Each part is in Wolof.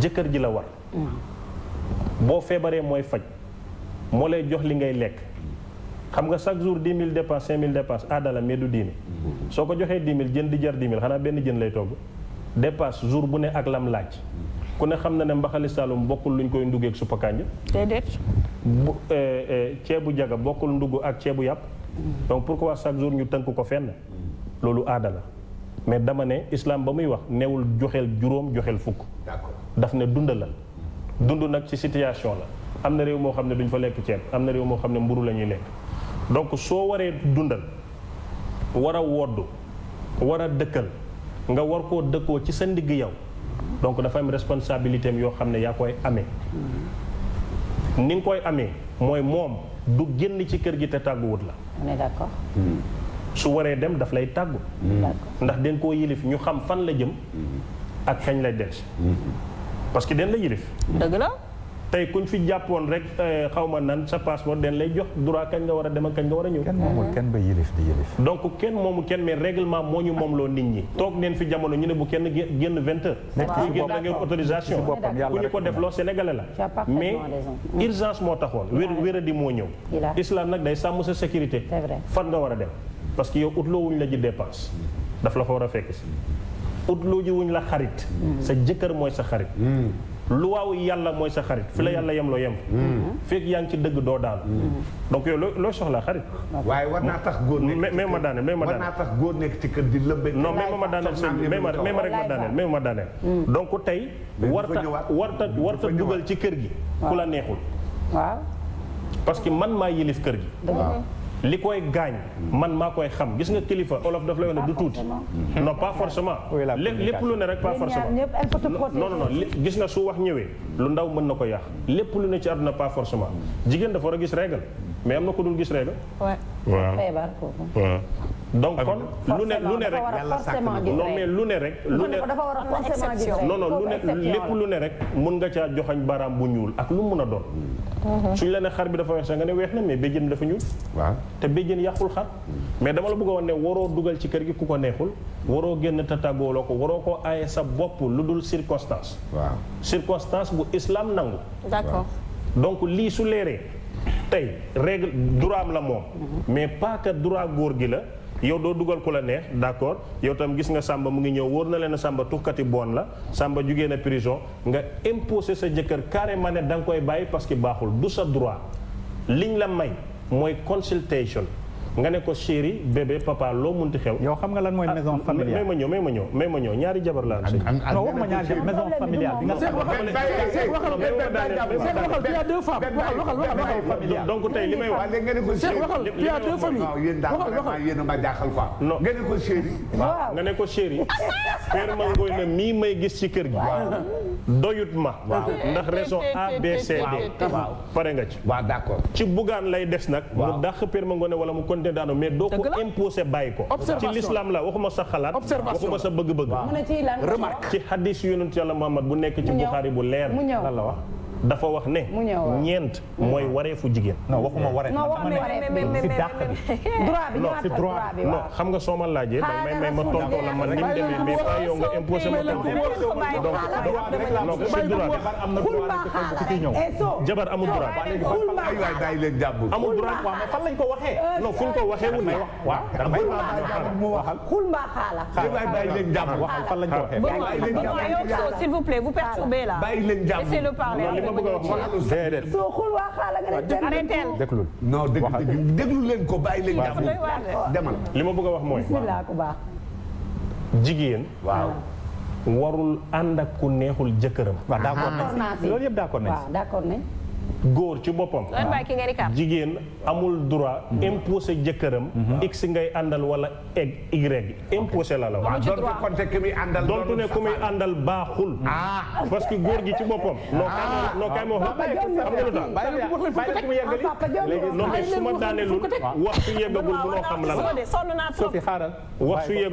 jëkkër ji la war hmm. boo feebaree mooy faj moo lay jox li ngay lekk xam nga chaque jour 10 000 dépense 5 000 la mais du diine hmm. soo ko joxee 10 di jar 10 000 xanaa benn jën lay togg dépense jour bu ne ak lam laaj hmm. ku ne xam na ne mbaxali saalum bokkul luñ koy nduggeeg suppa kànja déedéet bu eh, eh, ceebu jaga ak donc pourquoi chaque jour ñu tënk ko fenn la mais dama islam ba muy wax jurum johel juróom d'accord daf ne dund la dund nag ci situation la am na réew moo xam ne duñ fa lekk ceeb am na réew moo xam ne mburu la ñuy lekk donc soo waree dundal war a woddu war a dëkkal nga war koo dëkkoo ci sa ndigg yow donc dafa am responsabilité yoo xam ne yaa koy amee ni koy amee mooy moom du génn ci kër gi te tàgguwut la hmm. su waree dem daf lay tàggu hmm. ndax den koo yilif ñu xam fan la jëm hmm. ak kañ lay des parce que den la yilif dëgg la tey kuñ fi jàppoon rek eh, xaw ma nan sa passeport den lay jox droit kañ nga war a dem kañ nga war a ñëw. kenn moomul kenn ba yilif donc kenn moomu kenn mais règlement moo ñu moom moomloo nit ñi. toog neen fi jamono ñu ne bu kenn génn vingt heures. waaw génn da ngeen autorisation. ku ñu ko def loo sénégalais la. mais mm. urgence moo taxoon. wér wéradi moo ñëw. islam nag day sàmm sa sécurité. fan nga war a dem parce que yow ut loo wuñ la ji dépense daf la fa war a fekk si. ut loo ji wuñ la xarit sa jëkkër mooy sa xarit lu waaw yàlla mooy sa xarit fi la yàlla yem loo yem fekk yaa ngi ci dëgg doo daal donc yow loo soxlaa xarit waaye war naa tax góor nekk mais ma ma daaneel war naa tax góor nekk ci kër di lëmbe non mais ma daaneel sëñ bi mais ma rek ma daaneel mais ma daaneel donc tey warta warta warta dugal ci kër gi ku la neexul waaw parce que man maa yilif kër gi li koy gaañ man maa koy xam gis nga kilifa olof daf lay wax ne du tuuti hmm. non pas forcément lépp lu ne rek pas forcément non non non gis nga su wax ñëwee lu ndaw mën na ko yàq lépp lu ne ci àdduna pas forcément jigéen dafa war a gis régal mais am na ko dul gis rek. waaw feebar donc kon lu ne lu ne rek. non mais lu ne rek. lu ne dafa war a forcément lépp lu ne rek mun nga caa joxañ baaraam bu ñuul ak lu mun a doon. Mm-hmm. suñ la ne xar bi dafa weex sax nga ne weex na mais béjjën dafa ñuul. waaw te béjjën yàqul xar. Mm-hmm. mais dama la bëgg a wax ne waroo dugal ci kër gi ku ko neexul. waroo génn te tàggooloo ko waroo ko aaye sa bopp lu dul circonstance. waaw circonstance bu islam nangu. d'accord donc lii su leeree. tey règle droit am la moom mais pas que droit góor gi la yow doo dugal ku la neex d'accord yow tam gis nga sàmba mu ngi ñëw wóor na leen a sàmba tuxkati boon la sàmba jugee na prison nga imposé sa jëkkër carrément ne danga koy bàyyi parce que baaxul du sa droit liñ la may mooy consultation nga ne ko chéri bébé papa lo loo ti xew. yow xam nga lan moy maison familiale may ma ñëw may ma ñëw may ma ñëw ñaari jabar la ci non wax ma ñaari maison familiale. bi nga xam ne Cheikh waxal Cheikh waxal tu as deux femmes waxal waxal waxal familiale. donc tey li may wax Cheikh waxal tu as deux familles waxal waxal. yéen ma jaaxal quoi. non nga ne ko chéri. waaw nga ne ko chéri. père Mangoy na mii may gis ci kër gi. doyut ma. ndax raison A B C D. pare nga ci. waaw d'accord ci bugaan lay dess nak mu dakh père Mangoy ne wala mu kon ne daanu mais doo ko imposé bàyyi ko ci l'islam la waxuma sa xalaat waxuma sa bëgg-bëgg remarque ci hadis yonent yàlla Muhammad bu nekk ci Bukhari bu leer lan la wax dafa wax ne. ñeent mooy wareefu jigéen. non waxuma wareef. non waxuma wareef si dàq bi. droit bi ñëwaat ko droit xam nga soo ma laajee. may may ma tontoo la man ni mu demee mais pas yow nga imposé ma tontu. donc donc si droit bi. jabar amul droit. amul droit mais fan lañ ko waxee. non fu ñu ko waxee wu ne. waaw damay mu waxal. xulmba xaala. bàyyi leen jàmm waxal fan ko waxee. s'il vous plaît vous perturbez là. bàyyi bëgg a wax déedéet soo xul waa xaala nga ne arrêteel déglul non dégg déglu leen ko bàyyi leen jàpp demal li ma bëgg a wax mooy ku baax jigéen waaw warul ànd ak ku neexul jëkkëram waaw d'accord nañ loolu yëpp d'accord nañ d'accord nañ Gur ci bopam jigen amul droit mm-hmm. imposé jëkkëram mm-hmm. x ngay andal wala egg y imposé la la wax ne ku muy àndal baaxul ah. parce que góor gi ci boppam ah. noo kay ma wax xam nga lu tax non mais wax su xam la sofi wax su xam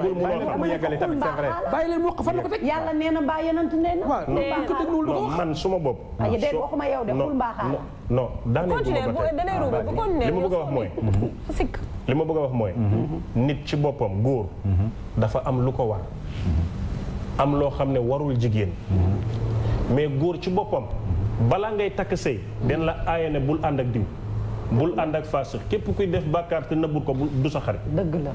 fan ko man suma ah, ya waxuma yow Ah. non daaneel ah, li ma bëgg a wax mooy. li ma bëgg a wax mooy. nit ci boppam góor. Mhm. dafa am lu ko war. Mhm. am loo xam ne warul jigéen. Mhm. mais góor ci boppam. balaa ngay takk sëy den la aaye ne bul ànd ak diw. bul ànd ak faas képp kuy def bàkkaar te nëbbul ko du sa xarit. dëgg la.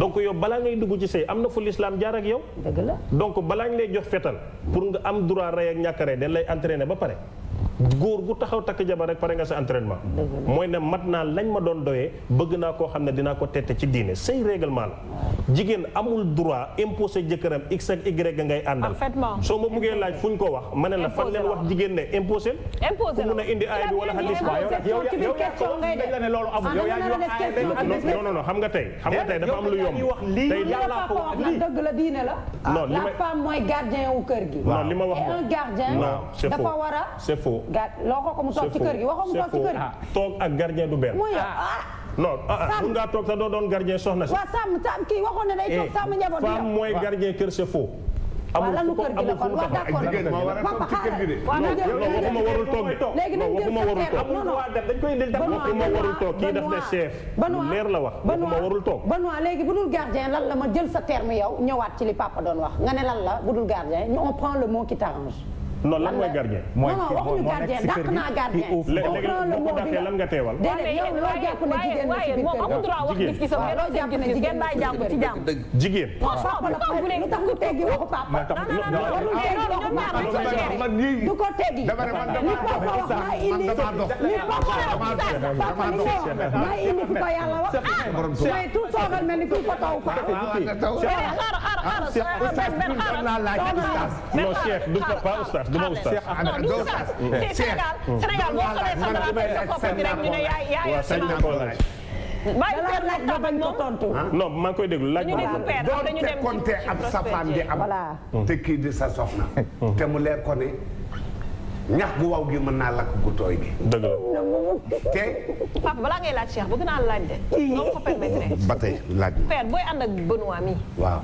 donc yow balaa ngay dugg ci sëy am na fu lislaam jaar ak yow. dëgg balaa ngay jox fetal. pour nga am droit rey ak ñàkk a den lay entraîné ba pare. góor gu taxaw takk jabar rek pare nga sa entraînement mooy ne mat naa lañ ma doon doyee bëgg naa koo xam ne dina ko tette ci diine say règlement la jigéen amul droit imposé jëkkëram x ak y ngay àndal soo ma buggee laaj fu ñu ko wax ma ne la fan leen wax jigéen ne imposé ku mun a indi aay bi wala xadis non non non xam nga tey xam nga tey dafa am lu yomb tey yàlla ko wax lii la diine la mooy gardien wu kër gi non li ma wax non c'est faux gaa loo ko ko mu toog ci kër gi waxoo mu toog ci kër gi. Ah, toog ak gardien du benn. Ah. Ah. non ah mun ngaa toog sax doo doon gardien soxna si. waaw Sam Sam kii waxoon na day toog eh, Sam mooy gardien kër sa faux. amul amul kër gi la kon waaw d'accord papa xaaral waxuma warul toog léegi nañ jël sa xeer dañ koy indil dama waxuma warul toog kii daf ne chef la wax waxuma warul toog Benoît léegi bu dul gardien la ma jël sa terme yow ñëwaat ci li papa doon wax nga ne lan la bu dul gardien on prend le mot qui t'arrange non lan mooy gardien. mooy dàq naa gardien. léegi bu ko dàqee lan nga teewal. déedéet yow loo jàpp ne jigéen la ci biir kër gi. jigéen waaw loo jàpp ne jigéen la ci biir kër gi. jigéen. waaw waaw lu tax lu teggi waxu papa. du ko teggi. li papa wax maa indi. li papa wax papa li nga wax maa indi fi ko yàlla wax. mais tout soogal mel ni ku ko taw fa. xaaral xaaral xaaral. du ma oustaz non du oustaz Sénégal mm. Sénégal boo xoolee ko tontu. Ah. non maa koy déglu laaj ma ko ab safaan di am. te kii di sa soxna. Mm. te mu leer gu waw gi mën naa lakk gu tooy gi. dëgg la te. papa balaa ngay laaj Cheikh bëgg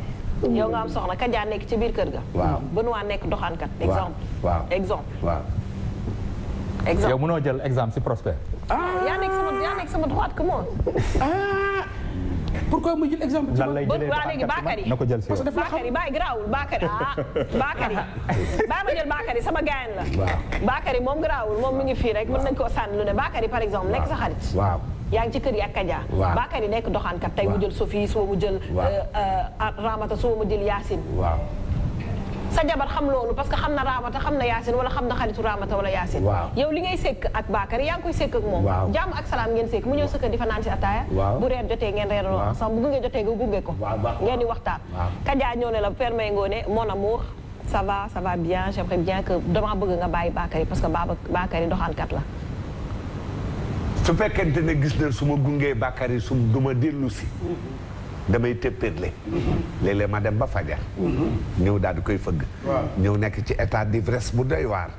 yow nga am soxna Kaja nekk ci biir kër ga. waaw Benoît nekk doxaankat. exemple waaw exemple. waaw. exemple yow mënoo jël exemple si Prospère. Ah. yaa nekk sama yaa nekk sama droite que moi. Ah. pourquoi mu jël exemple. lan lay jëlee Bakary na ko jël si parce que Bakary bàyyi garaawul Bakary ah Bakary bàyyi ma jël Bakary sama gaayan la. waaw Bakary moom garaawul moom mi ngi fii rek mën nañu koo sànni lu ne Bakary par exemple nekk sa xarit. waaw. yaa ngi ci kër yi ak Kaja. waaw Bakary nekk doxaankat tey mu jël Sophie suba mu jël. Euh, euh, Ramata suba mu jël Yacine. sa jabar xam loolu parce que xam na Ramata xam na Yacine wala xam na xaritu Ramata wala Yacine. yow li ngay sekk ak Bakary yaa ngi koy sekk ak moom. jàmm ak salaam ngeen sekk mu ñëw sa kër di fa naan si ataaya. bu reer jotee ngeen reeraloo ensemble bu gunge jotee nga gunge ko. ngeen di waxtaan. Kaja ñoo ne la permet ngoo ne mon amour ça va ça va bien j'aimerais bien bëgg nga bàyyi Bakary parce que Bakary doxaankat la su fekkente ne gis na su ma gungee bàkkaar yi su duma ma dellu si damay téppeetle léeg-léeg ma dem ba fajar ñëw daal di koy fëgg ñëw nekk ci état d'ivresse bu doy waar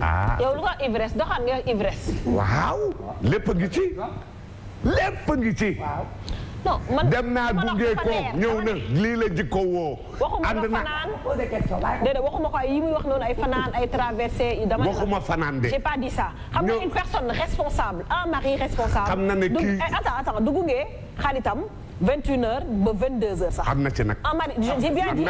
ah yow lu ko ivresse doxaan nga waaw lépp a ngi ci lépp a ngi ci non man dem naa gunge ko ñëw na lii la jikko woo. ànd na déedéet waxuma ko ay yi muy wax noonu ay fanaan ay traversé. dama waxuma fanaan de. j'ai pas dit ça xam nga une personne responsable un mari responsable. xam na ne kii eh, attends attends du gunge xaalitam 21h ba 22h sax. am na ci nag un mari j'ai bien dit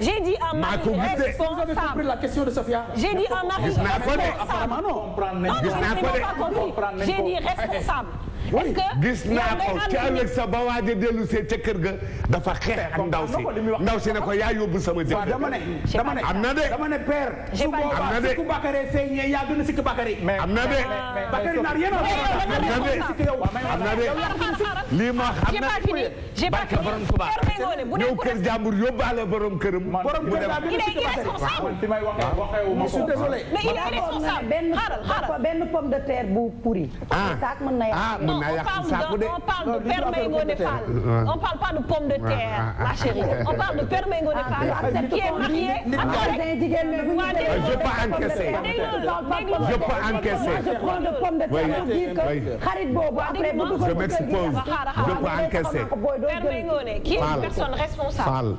j'ai dit un mari responsable la question de Sofia j'ai dit un mari responsable gis naa ko de. gis naa ko de. j'ai dit responsable. est-ce que gis naa ko ca ëllëg sa ba waaj a dellu see ca kër ga dafa xeex ak ndaw si ndaw si ne ko yaa yóbbu sama jëkkër. dama ne dama ne am na de. dama ne père. su boobaa si ku Bakary feeñee yaa gën a sikk Bakary. am na de. Bakary naar yéen a am na de lii ma xam na barke borom Tuubaa ñëw kër jàmbur yóbbaale borom këram. borom kër laa gën a sikk Bakary. waaw benn pomme de terre bu pourri. ah mën naa yàq de. on parle de Père Mbaye Ngoné on parle pas de pomme de terre. ma chérie on parle de Père Mbaye Ngoné ah, Fall. ak ah, ce qui est marié. je ne peux encaisser. je ne peux encaisser. je prends de pomme de terre pour dire que xarit boobu après bu dugg. je m'expose je ne peux encaisser. Père Mbaye Ngoné qui est une personne responsable.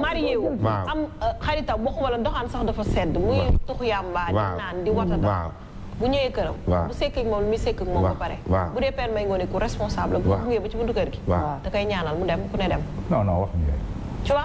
marié wu am euh, xaritam waxu wala ndoxaan sax dafa sedd. muy tuxu yàmba di naan di watata. bu ñëwee këram. waaw bu sekk ak moom lu muy sekk ak moom ba pare. bu dee père may ngoone ku responsable. waaw bu ba ci buntu kër gi. da ñaanal mu dem ku ne dem. non non wax nga.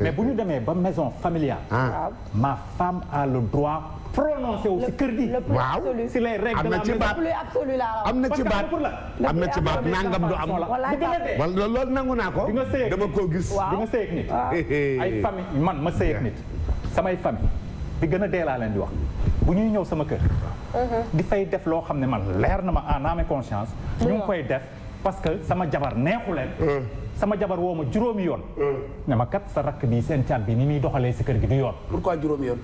mais vous ñu une ba maison familiale. Ah. ma femme a le droit. de prononcer kër si les règles de ci baat am ci baat nangam du am. wala nangu dama ay famille man ma nit. samay famille Di gëna di wax bu ñëw sama kër. Mhm. di ma conscience. parce que sama jabar neexu sama jabar woo ma juróomi yoon. Mm. ne ma kat sa rakk bi seen caat bi ni muy doxalee si kër gi du yoon. pourquoi juróomi yoon.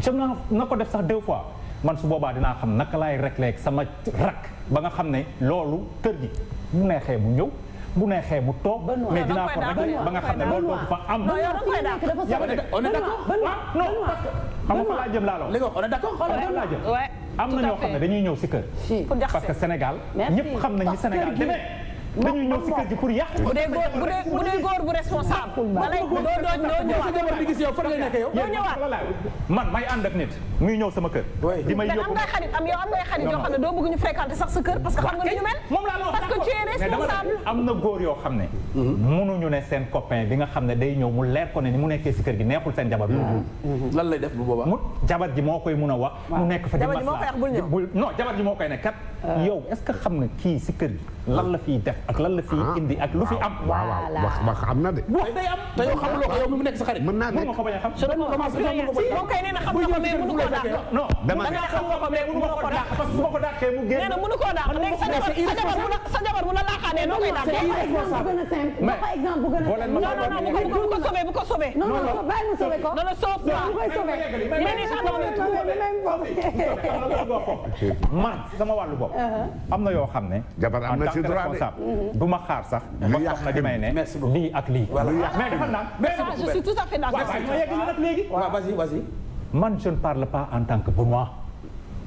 jëm naa na ko def sax deux fois man su boobaa dinaa xam naka laay réglé sama rakk ba nga xam ne loolu kër gi bu neexee mu ñëw. bu neexee mu toog mais dinaa ko régler ba nga xam ne loolu dootu fa am. non yow on est d'accord ah, xam nga fa jëm laa la wax. on est d'accord xoolal na ñoo xam ne dañuy ñëw si kër. parce que Sénégal ñëpp xam nañu Sénégal demee. dañuy ñëw si kër gi pour yàq. bu dee góor bu dee bu dee góor bu responsable. balay doo doo doo ñëwaat jabar di gis yow fan nga nekk yow. doo ñëwaat man may ànd ak nit. muy ñëw sama kër. di may yóbbu am ngay xarit am yow am ngay xarit yoo xam ne doo bëgg ñu fréquenter sax sa kër. parce que xam nga ñu mel. moom laa la wax parce que tu es responsable. am na góor yoo xam ne. Mm-hmm. mënuñu ne seen copain bi nga xam ne day ñëw mu leer ko ne ni mu nekkee si kër gi neexul seen jabar. Mm-hmm. Mm-hmm. lan lay def bu boobaa. mu jabar ji moo koy mun a wax. mu nekk fa di maslaa jabar ji moo koy wax bul ñëw non jabar ji moo koy ne kat ah. yow est-ce que xam nga kii si kër gi lan la fiy def ak lan la fi indi ak lu fi am. waaw wax wax am na de. bu day am te yow xamuloo ko yow mi mu nekk sa xarit. mën naa nekk mën nga ko bañ a xam. moom kay nee na xam nga ko mais mënu ko dàq. non dama ne xam nga ko mais mënu ko dàq parce que bu ma ko dàqee mu génn. nee na mënu ko dàq léegi sa jabar sa jabar bu la laaxaanee noo koy dàqee. mais boo leen ma ko non non bu ko sobee bu ko sobee. non non bàyyi mu sobee ko. non non soof ma man sama wàllu bopp am na yoo xam ne jabar am na ci droit Mhm. du ma xaar sax. lu yàq na di may ne lii ak lii. voilà mais dafa naan mais ah, je suis tout à fait d'accord. waaw vas-y vas-y. man je ne parle pas en tant que Benoît.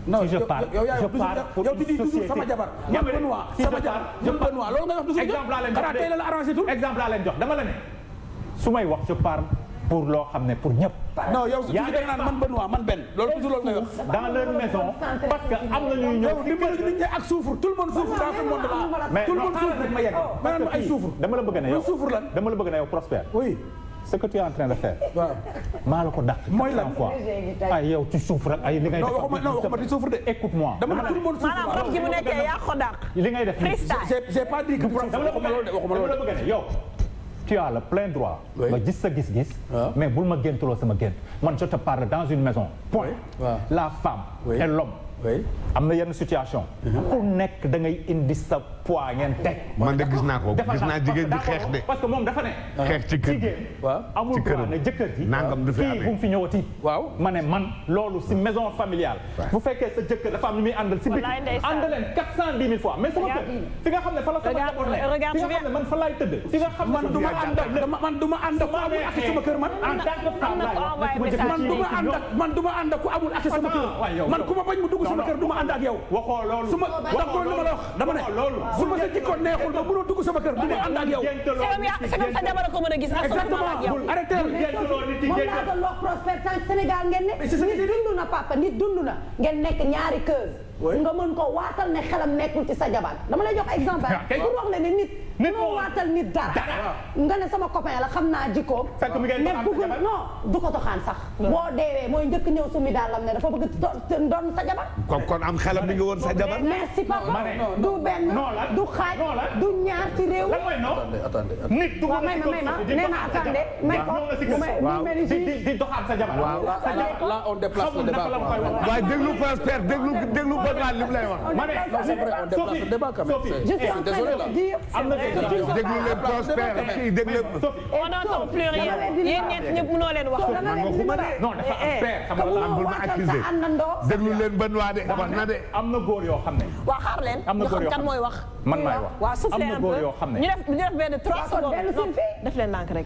non si je parle je parle pour une société sama jabar man Benoît sama jabar man Benoît loolu nga wax du exemple laa leen jox exemple laa leen jox dama la ne su may wax je parle. pour loo xam ne pour ñëpp. non yow su da nga naan man Benoît man benn loolu toujours loolu ngay wax. dans leur maison parce que am na ñuy ñëw. di bëri nit ñi ak souffre tout le monde souffre dans ce monde là. mais tout le monde souffre ma yegg. parce que ay souffre dama la bëgg ne yow souffre lan dama la bëgg ne yow prospère. oui. ce que tu es en train de faire. waaw maa la ko dàq. mooy lan quoi ay yow tu souffres ak ay li ngay def. non waxuma tu souffres de. écoute-moi dama ne tout le monde souffre. maanaam bopp gi mu nekkee yaa ko dàq. li ngay def nii j'ai pas dit que. waxuma loolu de waxuma loolu de yow. tu as le plein droit. nga gis sa gis-gis. Ah. mais bul ma géntuloo sama gént. man je te parle dans une maison. point la femme. et l'homme am yenn situation. Mhm. ku nekk da ngay poids ngeen teg. man de gis naa ko gis naa jigéen ji xeex de. parce que moom dafa ne. Ah. xeex ci kër jigéen. waaw amul droit ne jëkkër ji. nangam du fi amee kii bu mu fi ñëwati. waaw ma ne man loolu si maison familiale. bu fekkee sa jëkkër dafa am lu muy àndal si biir. àndaleen quatre cent dix mille fois mais sama kër. fi nga xam ne fa la sama jaboot ne. fi nga xam ne man fa laay tëdd. fi nga xam ne man du ma ànd ak man du ma ànd ak ku amul ak sama kër man. en tant que femme laay man du ma ànd ak ku amul ak sama kër man ku ma bañ mu dugg sama kër du ma ànd ak yow waxoo loolu su ma dama ne loolu bu ma sa jikko neexul ba mënoo dugg sama kër bu ma ànd ak yow. sa jabar ko mën a gis. exactement arrêté moom laa doon wax prospère na papa nit dund na ngeen nekk ñaari kër. nga mën ko waatal ne xelam nekkul ci sa jabar dama lay jox exemple ah, pour wax ne ne nit noo waatal nit dara nga ne sama copain la xam naa jikkoom ne bëggul non du ko toxaan sax boo deewee mooy njëkk ñëw sumi daalam ne dafa bëgg doon sa jabar kon kon am xelam mi ngi woon sa jabar merci papa du benn du xaaj du ñaar ci réew nit du may ma may ma nee na attendé may ko mu mel ni di doxaan sa jabar waaw là on déplace le débat waaw déglu père déglu déglu dégg li mu lay wax. ma ne Sophie Sophie je suis en train de dire. am na kay déglu leen prospère kii déglu leen. on n'entend plus rien yéen ñett ñëpp mënoo leen wax. non dafa am père eh, xam nga la am bul ma accusé déglu leen ban waa de wax na de. am na góor yoo xam ne. waa xaar leen ñu xam kan mooy wax. man maay wax am na góor yoo xam ne. ñu def ñu def benn trois secondes def leen nànk rek.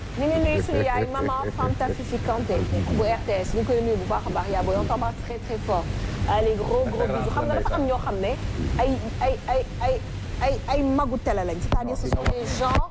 une maman Femme vous RTS vous koy très très fort Allez gros gros bisous Aïe aïe aïe Aïe ñoo xam c'est-à-dire ce sont gens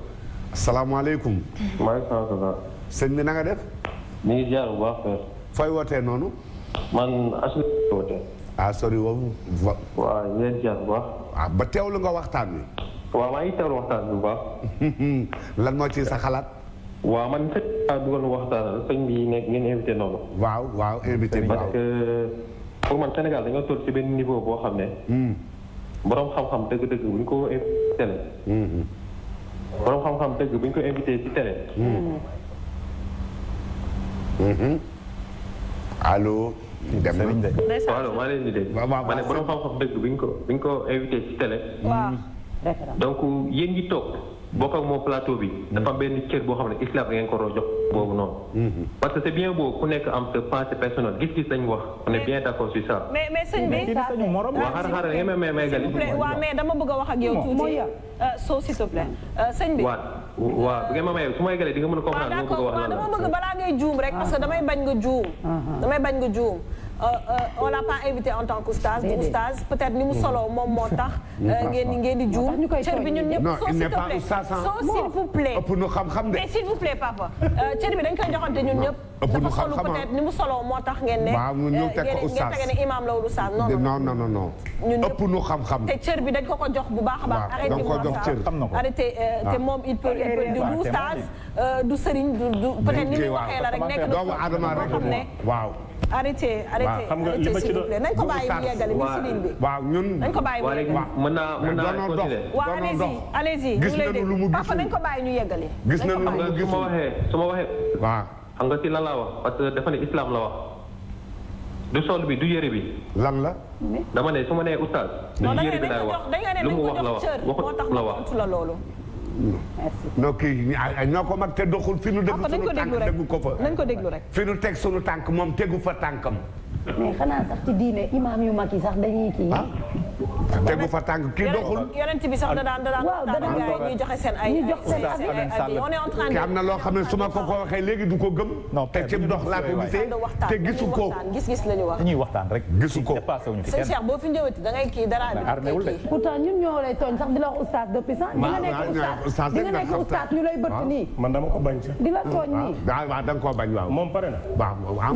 salaamaaleykum. maaleykum salaam. sëñ bi na nga def. ñu ngi jaar bu baax Père. fooy wootee noonu. man assuré wootee. ah sori woowu. waaw ñu ngi jaar bu ah, nga waxtaan wi. waaw lan moo ci sa xalaat. waaw man sëñ bi maa dugal waxtaan sëñ bi nekk ngeen invité noonu. waaw waaw invité bi waaw man Sénégal dañoo toll ci benn niveau boo xam ne. Hmm. borom xam-xam dëgg-dëgg bu ñu ko invité borom xam-xam dëgg bu ko invité ci télé. Hmm. Hmm. Hmm. allo. dem na ndeysaan allo maa leen di dégg. ma ko bu ñu ko invité ci télé. donc yéen bokk ak moom plateau bi dafa benn cër boo xam ne islam ngeen ko jox boobu noonu. Mhm. parce que c'est bien beau ku nekk am sa pensée personnelle gis-gis lañ wax on bien d'accord sur ça. mais mais bi saa fi waaw xaaral a euh, euh, ngeen ma mayee may galee nga mën a ah, dama bëgg balaa ngay juum rek parce que damay bañ nga juum. Ah, ah. damay bañ nga juum. Euh, euh, on l'a pas invité en tant que oustaz bu oustaz peut-être ni mu solo hmm. moom moo tax. Euh, ngeen di ngeen di juum cër bi ñun ñëpp. non il n'est pas oustaz s'il vous plaît ëpp nu xam-xam de. mais s'il vous plaît papa cër bi dañ koy joxante ñun ñëpp. ëpp nu xam-xam peut-être ni mu solo moo tax ngeen ne. waaw ñu teg ko oustaz ngeen teg ne imaam la oustaz non non non non. ñun ëpp nu xam-xam. te cër bi dañ ko ko jox bu baax a baax. arrêté mu oustaz arrêté te moom il peut il peut du oustaz du sëriñ du peut-être ni mu waxee la rek nekk doomu aadama rek waaw arrêtez arrêtez arrêtez s'il vous plaît nañ ko bàyyi mu yeggali bi si ligne bi. waaw ñun nañ ko bàyyi mu yeggali waaw mën naa mën naa continuer. waaw allez-y allez-y ñu lay dégg papa nañ ko bàyyi ñu yeggali. gis nañu lu mu gisul su ma waxee su ma waxee. waaw xam nga ci lan laa wax parce que dafa ne islam la wax. du sol bi du yëre bi. lan la. dama ne su ma nee oustaz. du yëre bi laay wax lu mu wax la wax waxut la wax. non kii ñoo ko mag te doxul fi nu déglu ah, sunu tànk tegu ko fa. nañ ko déglu rek fi nu teg sunu tànk moom tegu fa tànkam. mais xana sax ci diine imaam yu mag sax dañuy kii. Ah. tegu fa tàng kii doxul yonent bi sax da daan da daan waaw da daan gaay ñu joxe seen ay ñu jox seen ay on est en train de am na loo xam ne ko ko waxee léegi du ko gëm te ci dox laa ko gisee te gisu ko gis-gis la wax dañuy waxtaan rek gisu ko dépassé wuñu fi kenn Cheikh boo fi ñëwati da ngay kii dara bi pourtant ñun ñoo lay tooñ sax di la wax oustaz depuis sax di nekk oustaz di nekk oustaz ñu lay bëtt ah. nii man dama ko bañ di la ah, bañ waaw na waaw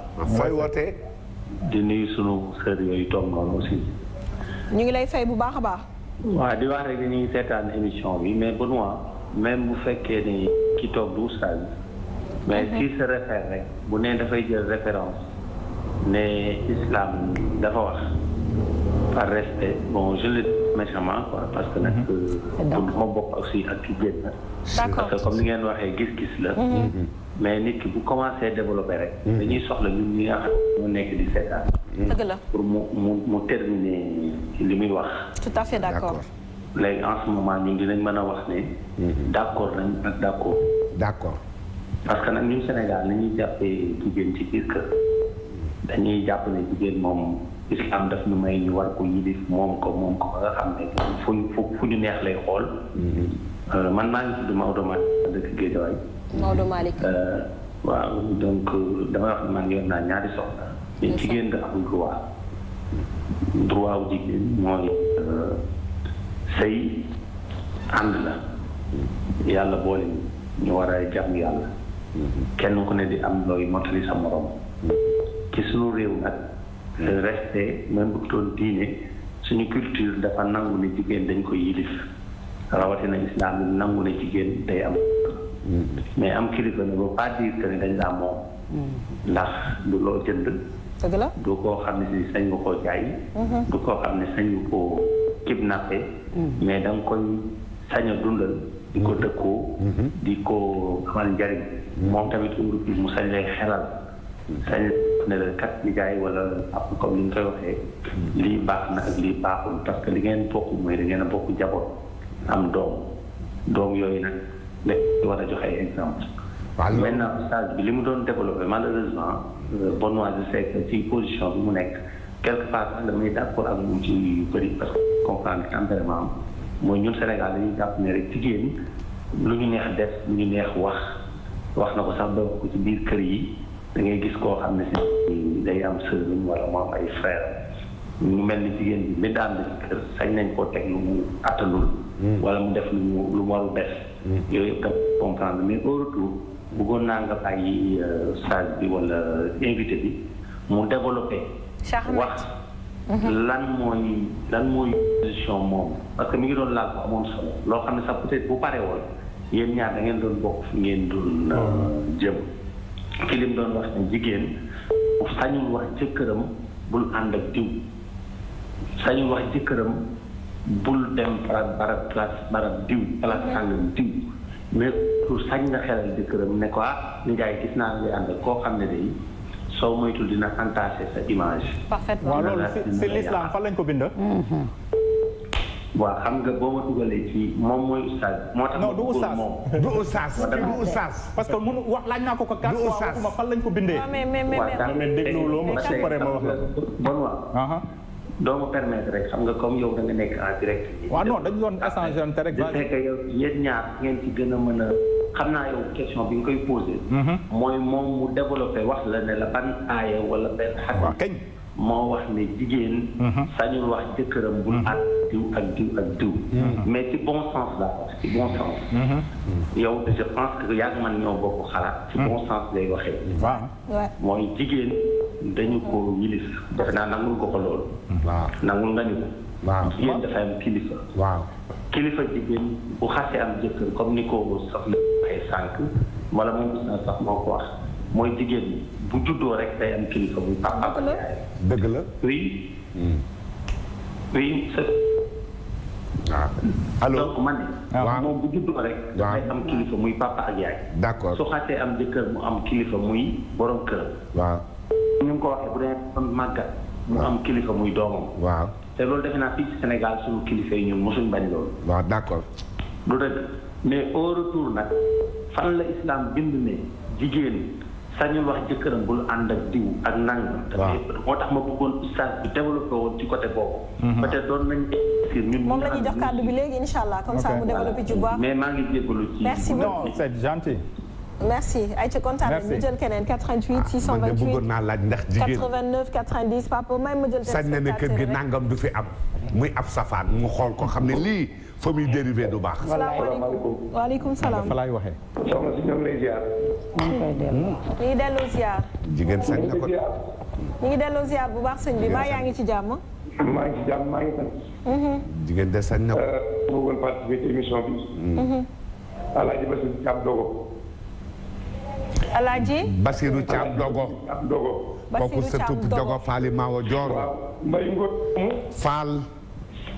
mooy wootee. di nuyu sunu sër yooyu toog noonu aussi. ñu ngi lay fay bu baax a baax. waaw di wax rek ni ñu ngi seetaan émission bi mais Benoît même bu fekkee ni ki toog du oustaz mais si mhm. se réfère rek bu ne dafay jël référence ne islam dafa wax par bon je le dis a quoi parce que nag pour mhm. euh, ma bokk aussi ak ki génn parce que comme ni ngeen waxee gis-gis la mhm. mais nit ki bu commencé développé rek. Mhm. dañuy soxla ñun ñi nga xam moo nekk di seetaan. Mhm. dëgg la pour mu mu mu terminer li muy wax. tout à fait d' accord. léegi en ce moment ñun dinañ mën a wax ne. Mhm. d' accord nañ ak d' accord. d' accord. parce que nag ñun Sénégal ni ñuy jàppee jigéen ci biir kër dañuy jàpp ne jigéen moom islam daf ñu may ñu war ko yilif moom ko moom ko nga xam ne fu fu ñu neex lay xool. Euh, man maa ngi tudd Maodo Malick dëkk Guédiawaye. Maodo Malick eh, waaw donc dama wax maa ngi yor naa ñaari soxna mais jigéen nga am droit droit wu jigéen mooy sëy ànd la yàlla boole ñu war a jàmm yàlla kenn ku ne di am looy motali sa morom ci sunu réew nag resté même bu doon diine suñu culture dafa nangu ne jigéen dañ ko yilif rawatina islam nangu ne jigéen day am Mm-hmm. mais am kilifa ne ba pas dire que ne dañ laa moom. Mm-hmm. ndax du loo jënd. du koo xam ne si sañ nga koo jaay. Mm-hmm. du koo xam ne sañ koo kidnappé. mais da nga koy sañ a dundal. di ko dëkkoo. di ko amal njariñ. moom tamit urbi mu sañ lay xelal. sañ ne kat nijaay wala ab comme li nga koy waxee. lii baax na ak lii baaxul parce que li ngeen bokk mooy da ngeen bokk jaboot am doom doom yooyu nag. dañ war a joxe ay exemple na stage bi li mu doon développé malheureusement euh, Benoît je sais que ci position bi mu nekk quelque part damay d'accord ak moom ci yu bëri parce que comprendre tempérament am mooy ñun Sénégal dañuy jàpp ne rek jigéen lu ñu neex def lu ñu neex wax wax na ko sax ba ko ci biir kër yi da ngay gis koo xam ne si day am sœur wala mu ay frère ñu mel ni jigéen bi mi daan ci kër sañ nañ koo teg lu mu Mm. wala mu def lu mu lu mu warul def. Mm. yooyu yëpp tam comprendre mais au retour bëggoon naa nga bàyyi euh, sage bi wala invité bi mu développé. wax mm-hmm. lan mooy lan mooy position moom parce que mu ngi doon laal ko amoon solo loo xam ne sax peut-être bu pare woon yéen ñaar da ngeen doon bokk fu ngeen doon euh, mm. jëm ci doon wax ne jigéen bu sañul wax jëkkëram bul ànd ak diw sañul wax jëkkëram bul dem barab barab place barab diw place diw mais ku sañ na xelal jëkkëram ne quoi ni jaay gis naa ngay ànd koo xam ne day soo moytul dina entaché sa image. parfaitement waaw loolu si l'islam fan lañ ko bind. waaw xam nga boo ma dugalee ci moom mooy oustaz. moo tax non du oustaz du oustaz du oustaz. parce que mun wax laaj naa ko ko quatre fois waxuma fan lañ ko bindee. waaw mais mais mais mais mais déglu loo ma su paree ma wax la. bon waaw. doo ma permettre rek xam nga comme yow da nga nekk en direct. waaw dañu doon échanger rek. je ñaar ngeen ci gën a mën a. xam naa yow question bi nga koy posé. mooy moom mu développé wax la ne la ban aaya wala benn xarit. moo wax ne jigéen. Mhm. sañul wax jëkkëram bul ak mhm. diw ak diw ak diw. Mhm. mais ci bon sens la ci bon sens. yow je pense que yàgg man ñoo bokk xalaat. ci bon sens lay waxee. waaw mooy jigéen dañu ko yilif defe naa nangul ko ko loolu. waaw nangul nga ñu ko. waaw jigéen dafay am kilifa. waaw kilifa jigéen bu xasee am jëkkër comme ni ko soxna waxee sànq wala moom sax moo ko wax mooy jigéen bu juddoo rek day am kilifa muy papa yaay. dëgg la oui. Hmm. oui c'est. waaw ah. allo donc man. waaw ah. moom bu juddoo rek. Ah. dafay am kilifa muy papa ak yaay. d'accord su xasee am jëkkër mu am kilifa muy borom kër. waaw. ñu ngi ko waxee bu dee am màggat. mu am kilifa muy doomam. waaw te loolu defe naa fii ci Sénégal kilifa yi ñun mosuñ bañ loolu. waaw d'accord. du dëgg mais au retour nag fan la islam bind ne jigéen. sañul wax jëkkëram bul ànd ak diw ak moo tax ma bëggoon oustaz côté boobu. Mhm. peut-être doon nañ investir ñun. moom la ñuy jox kàddu bi léegi incha allah comme ça mu bu baax. Ah, naa laaj ndax jigéen 89 90 papa may ma ne kër gi nangam du fi am muy ab safaan mu xool ko xam ne lii. fa muy dérivé du baax. salaamaaleykum waaleykum salaam. fa laay waxee. soxna si ñoom lay ziar. ñu ngi delloo ziar. jigéen sañ na ko. ñu ngi delloo ziar bu baax sëñ bi ba yaa ngi ci jàmm. maa ngi ci jàmm maa ngi sant. Mm-hmm. jigéen de sañ na ko. Euh, bëggoon participer ci émission bi. Mm-hmm. Alaaji Basiru Caam Dogo. Alaaji. Basiru Caam Dogo. Basiru Caam Dogo kooku sëtu Dogo Faali Maawo Joor. Mm-hmm. Faal.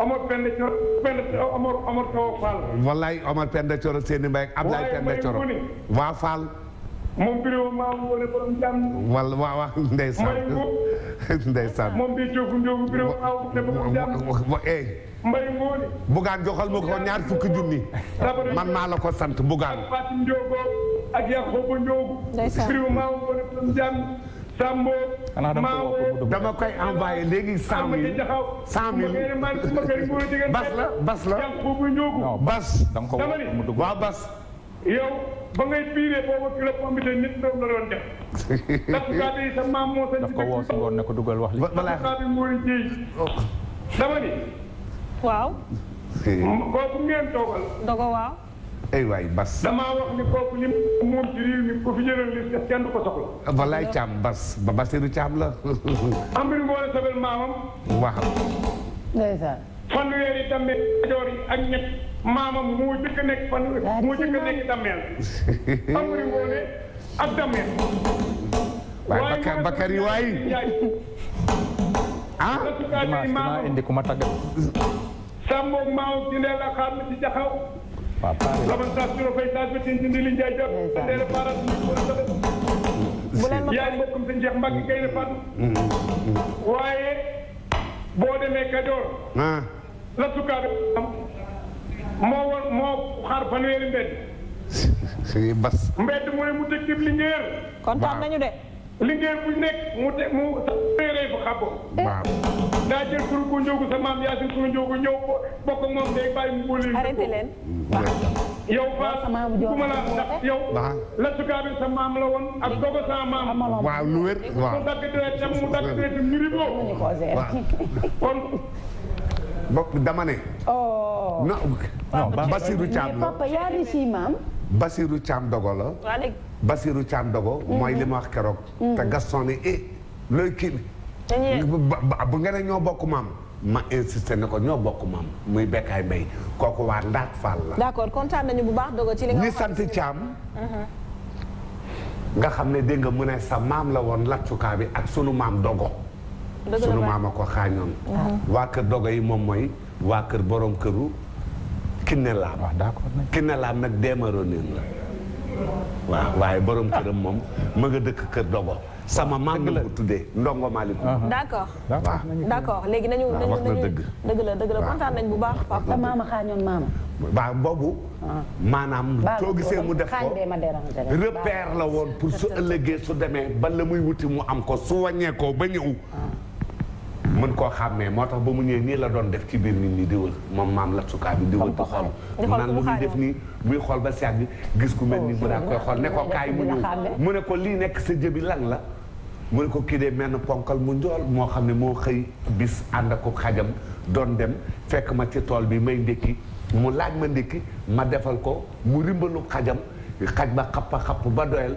Omar Penda Coro Penda Omar Omar Tawa Fall. wallaay Omar Penda Coro Seyni Mbaye ak Ablaye Penda Coro waa Fall. moom bi réew maa wóole borom jàmm. wala waaw waaw ndeysaan. ndeysaan. moom bi Ndiobu Ndiobu bi réew maa wóole borom jàmm. Eh. Mbaye Ngoone. Bougane joxal ma ko ñaar fukki junni. man maa la ko sant Bougane. ak Fatim Ndiobo ak Yacoba Ndiobo. ndeysaan bi réew maa wóole borom jàmm. Sambo Maodo dama koy envoyé léegi cent mille cent mille bas la bas la bas waaw bas yow ba ngay piiree booba kilo pomme de nit doom la doon def ndax gaa bi sa moo sa daf ko woo si ne ko dugal wax li gaa bi moo di jéy oh. dama toogal dogo waaw ay waay bas. damaa wax ni kooku li moom ci réew mi ko fi jëloon li des kenn du ko soxla. walaay caam bas ba basiru caam la. am nañu boole sobel maamam. waaw. ndeysaan. fanweeri dammeel kajoor yi ak ñett maamam moo jëkk a nekk fan. moo jëkk a nekk dammeel. am nañu boole ak dammeel. waaye Bakar Bakari waay. ah maa indi ku ma tàggat. Samb ak Maodo dina la xaar ci jaxaw. lamentation fay taas ba tin dindi parat bu leen ma yaay mbokkum sëñ Cheikh Mbacke kay na fatu waaye boo demee Kajoor la tukkaat am war moo xaar fanweeri mbedd mu li nañu liggéey bu nekk mu te mu téeree fa xaboo daa jël kuru ko njóogu sa maam yaa si kuru njóogu ñëw bokk moom day bàyyi mu bóoli arrêté leen yow Faal ku ma la ndax yow la sukaabi sa maam la woon ak dogo sa maam waaw lu wér waaw mu dagg deretam mu dagg deretam ñu riboo kon bokk dama ne oh. non Basirou Thiam la dogo la Basirou Thiam Dogo. mooy li ma wax keroog. Mm-hmm. te Gaston ne eh looy kii. bu nga ñoo bokk maam. ma insisté ne ko ñoo bokk maam. muy Bekkaay Mbaye kooku waa Ndaat Fall la. d'accord kontaan nañu bu baax Dogo ci li nga. Mm-hmm. xam ne dégg nga mu ne sa maam la woon laccukaa bi ak sunu maam Dogo. sunu maam a xaañoon. Mm-hmm. waa kër Dogo yi moom mooy waa kër boroom këru. Kiné Lam. waaw d'accord Kiné Lam nag démaroo neen la. waaw waaye borom këram moom ma nga dëkk kër dogo sama maam la ko tuddee ndongo Malick d'accord d'accord léegi nañu wax na dëgg dëgg la dëgg la kontaan nañ bu baax papa maama xaañoon maama waaw boobu ah. maanaam soo gisee mu def ko repère la woon pour su ëllëgee su demee ba la muy wuti mu am ko su wàññee ko ba ñëw ah. mën koo xàmmee moo tax ba mu ñëwee nii la doon def ci biir nit ñi diwal moom maam lat sukaa bi diwal di xool naan mu muy def nii muy xool ba sàgg gis ku mel ni oh, mu koy xool ne ko kaay mu ñëw mu ne ko lii nekk sa jëbi lan la mu ne ko kii dee ponkal mu njool moo xam ne moo xëy bis ànd ak xajam doon dem fekk ma ci tool bi may ndékki mu laaj ma ndékki ma defal ko mu rimbalu xajam xaj ba xappa xapp ba doyal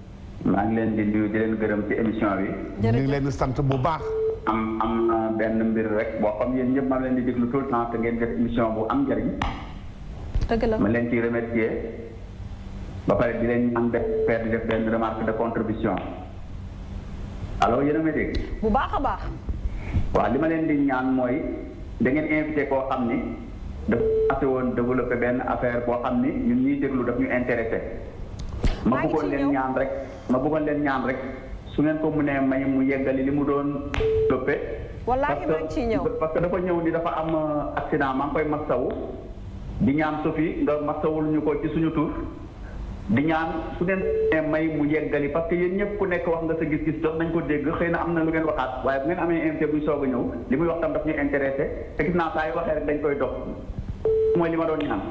maa ngi leen di nuyu di leen gërëm ci émission bi. ñu ngi leen di sant bu baax. am am na benn mbir rek boo xam yéen ñëpp maa leen di déglu tout le temps te ngeen def émission bu am njëriñ. dëgg la ma leen ciy remercier ba pare di leen am def faire di def benn remarque de contribution allo yéen a may dégg. bu baax a baax. waaw li ma leen di ñaan mooy da ngeen invité koo xam ni dafa passé woon développé benn affaire boo xam ni ñun ñuy déglu daf ñu intéressé. ma bëggoon leen ñaan rek ma buggoon leen ñaan rek su ngeen ko mënee may mu yeggali li mu doon dëppe wallaahi maa ngi ciy que dafa ñëw ni dafa am euh, accident maa ngi koy masawu di ñaan Sophie nga masawul ñu ko ci suñu tur di ñaan su ngeen mënee may mu yeggali parce que yéen ñëpp ku nekk wax nga sa gis-gis jox nañ ko dégg xëy na am na lu ngeen waxaat waaye bu ngeen amee invité buy soog a ñëw li muy wax tam daf ñu intéressé te gis naa saa yu waxee rek dañ koy dox mooy li ma doon ñaan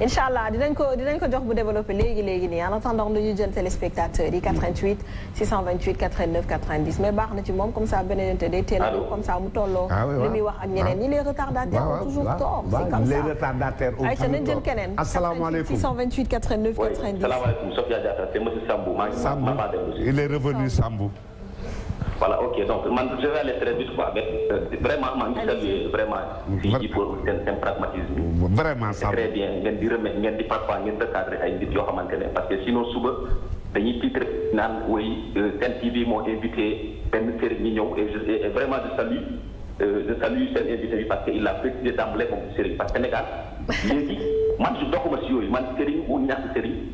inshallah allah dinañ ko dinañ ko jox bu développer légui légui ni en attendant lu ñu jël téléspectateurs yi 88 628 89 90 mais baax na ci mom comme ça beneen te day teel comme ça mu tolloo ah li muy wax ak ñeneen ni ah. les retardataires ont toujours tort c'est comme ça les retardataires ont toujours tort nañ jël keneen asalaamaaleykum 628 89 90 salaamaaleykum Sophia Diatta c'est monsieur Sambou ma maa ngi Sambou il est revenu Sambou voilà, ok. Donc, je vais aller très vite. Mais euh, vraiment, je salue euh, vraiment Fiji pour un pragmatisme. Vraiment, ça. Très bien. Je vais mais je vais parfois, je vais cadre à une Parce que sinon, souvent, dañuy titre non oui euh, Sen TV moo invité benn série ñi ñëw et vraiment je salue je salue seen invité parce que il a précisé d'emblée moom série parce que Sénégal léegi man su doxuma si yooyu man série bu ñàkk série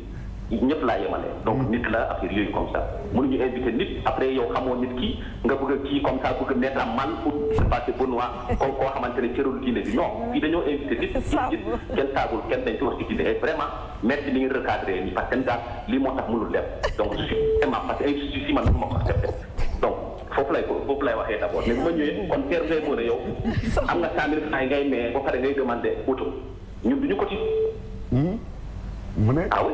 ñëpp laa yemale. donc mhm. nit la affaire yooyu comme ça. mënuñu invité nit après yow xamoo nit ki nga bëgg a kii comme ça bëgg a mettre pour se passer bonnois comme xamante ne cërul diine bi fii dañoo invité nit. saabu kenn saagul kenn dañ ci wax ci diine et vraiment merci li ngeen recadré nii parce que seen gars lii moo tax mënul dem donc je suis vraiment parce ma ko accepté donc foofu lay foofu lay waxee d' abord bu ma ñëwee kon perte lay mën a yow am nga cent mu ne. ah oui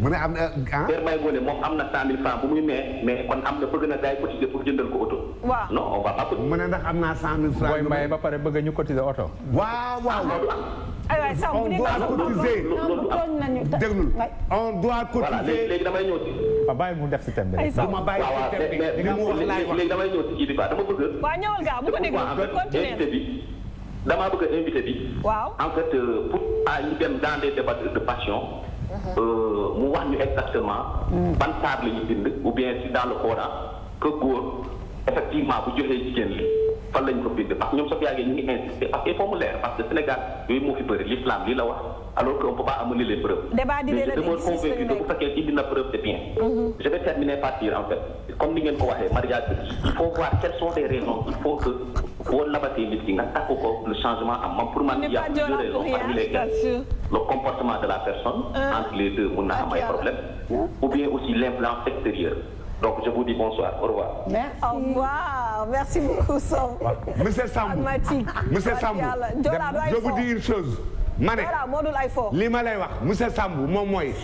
ñun am na ah. Père Mbaye Ngoné am na cent mille francs bu muy nee mais kon am na bëgg na gars yi cotiser pour jëndal ko oto. waaw non mu ne ndax am naa cent mille francs. booy Mbaye ba pare bëgg ñu cotiser oto. waaw waaw. aywa ah, ah, sànq bu dee on doit cotiser. déglu on doit cotiser. voilà léegi léegi damay ñëw ci. waaw ah, bàyyi mu def si thème bi. ay sànq waaw waaw mais mais léegi damay ñëw ci kii bi quoi dama bëgg. waaw ñëwal gars bu ko damaa bëgg a invité bi. waaw en fait euh, pour à ñu dem dans des débats de passion. Mhm. Euh, mu wax ñu exactement. Mhm. ban saar la ñu bind ou bien si dans le Coran que góor. effectivement bu joxé jigéen li fan lañ ko bind parce que ñoom soo yàggee ñu ngi insister parce que il parce que Sénégal yooyu moo fi bëri l'islam li la wax alors que on peut pas amener les preuves. débat dina la mais convaincu que bu fekkee indi na preuve c'est bien. Mm-hmm. je vais terminer par dire en fait comme ni ngeen ko waxé mariage il faut voir quelles sont les raisons il faut que boo nabatee nit ki nga ko le changement am man pour man il y a plusieurs raisons parmi lesquelles le comportement de la personne euh. entre les deux mun na am ay problème. ou bien aussi l'influence extérieure. Donc je vous dis bonsoir. Au revoir. Merci. Au revoir. Merci beaucoup, Sow. Monsieur Sambou. Monsieur Sambou. Je vous dis une chose. ma ne li ma wax monsieur Sambou moom mooy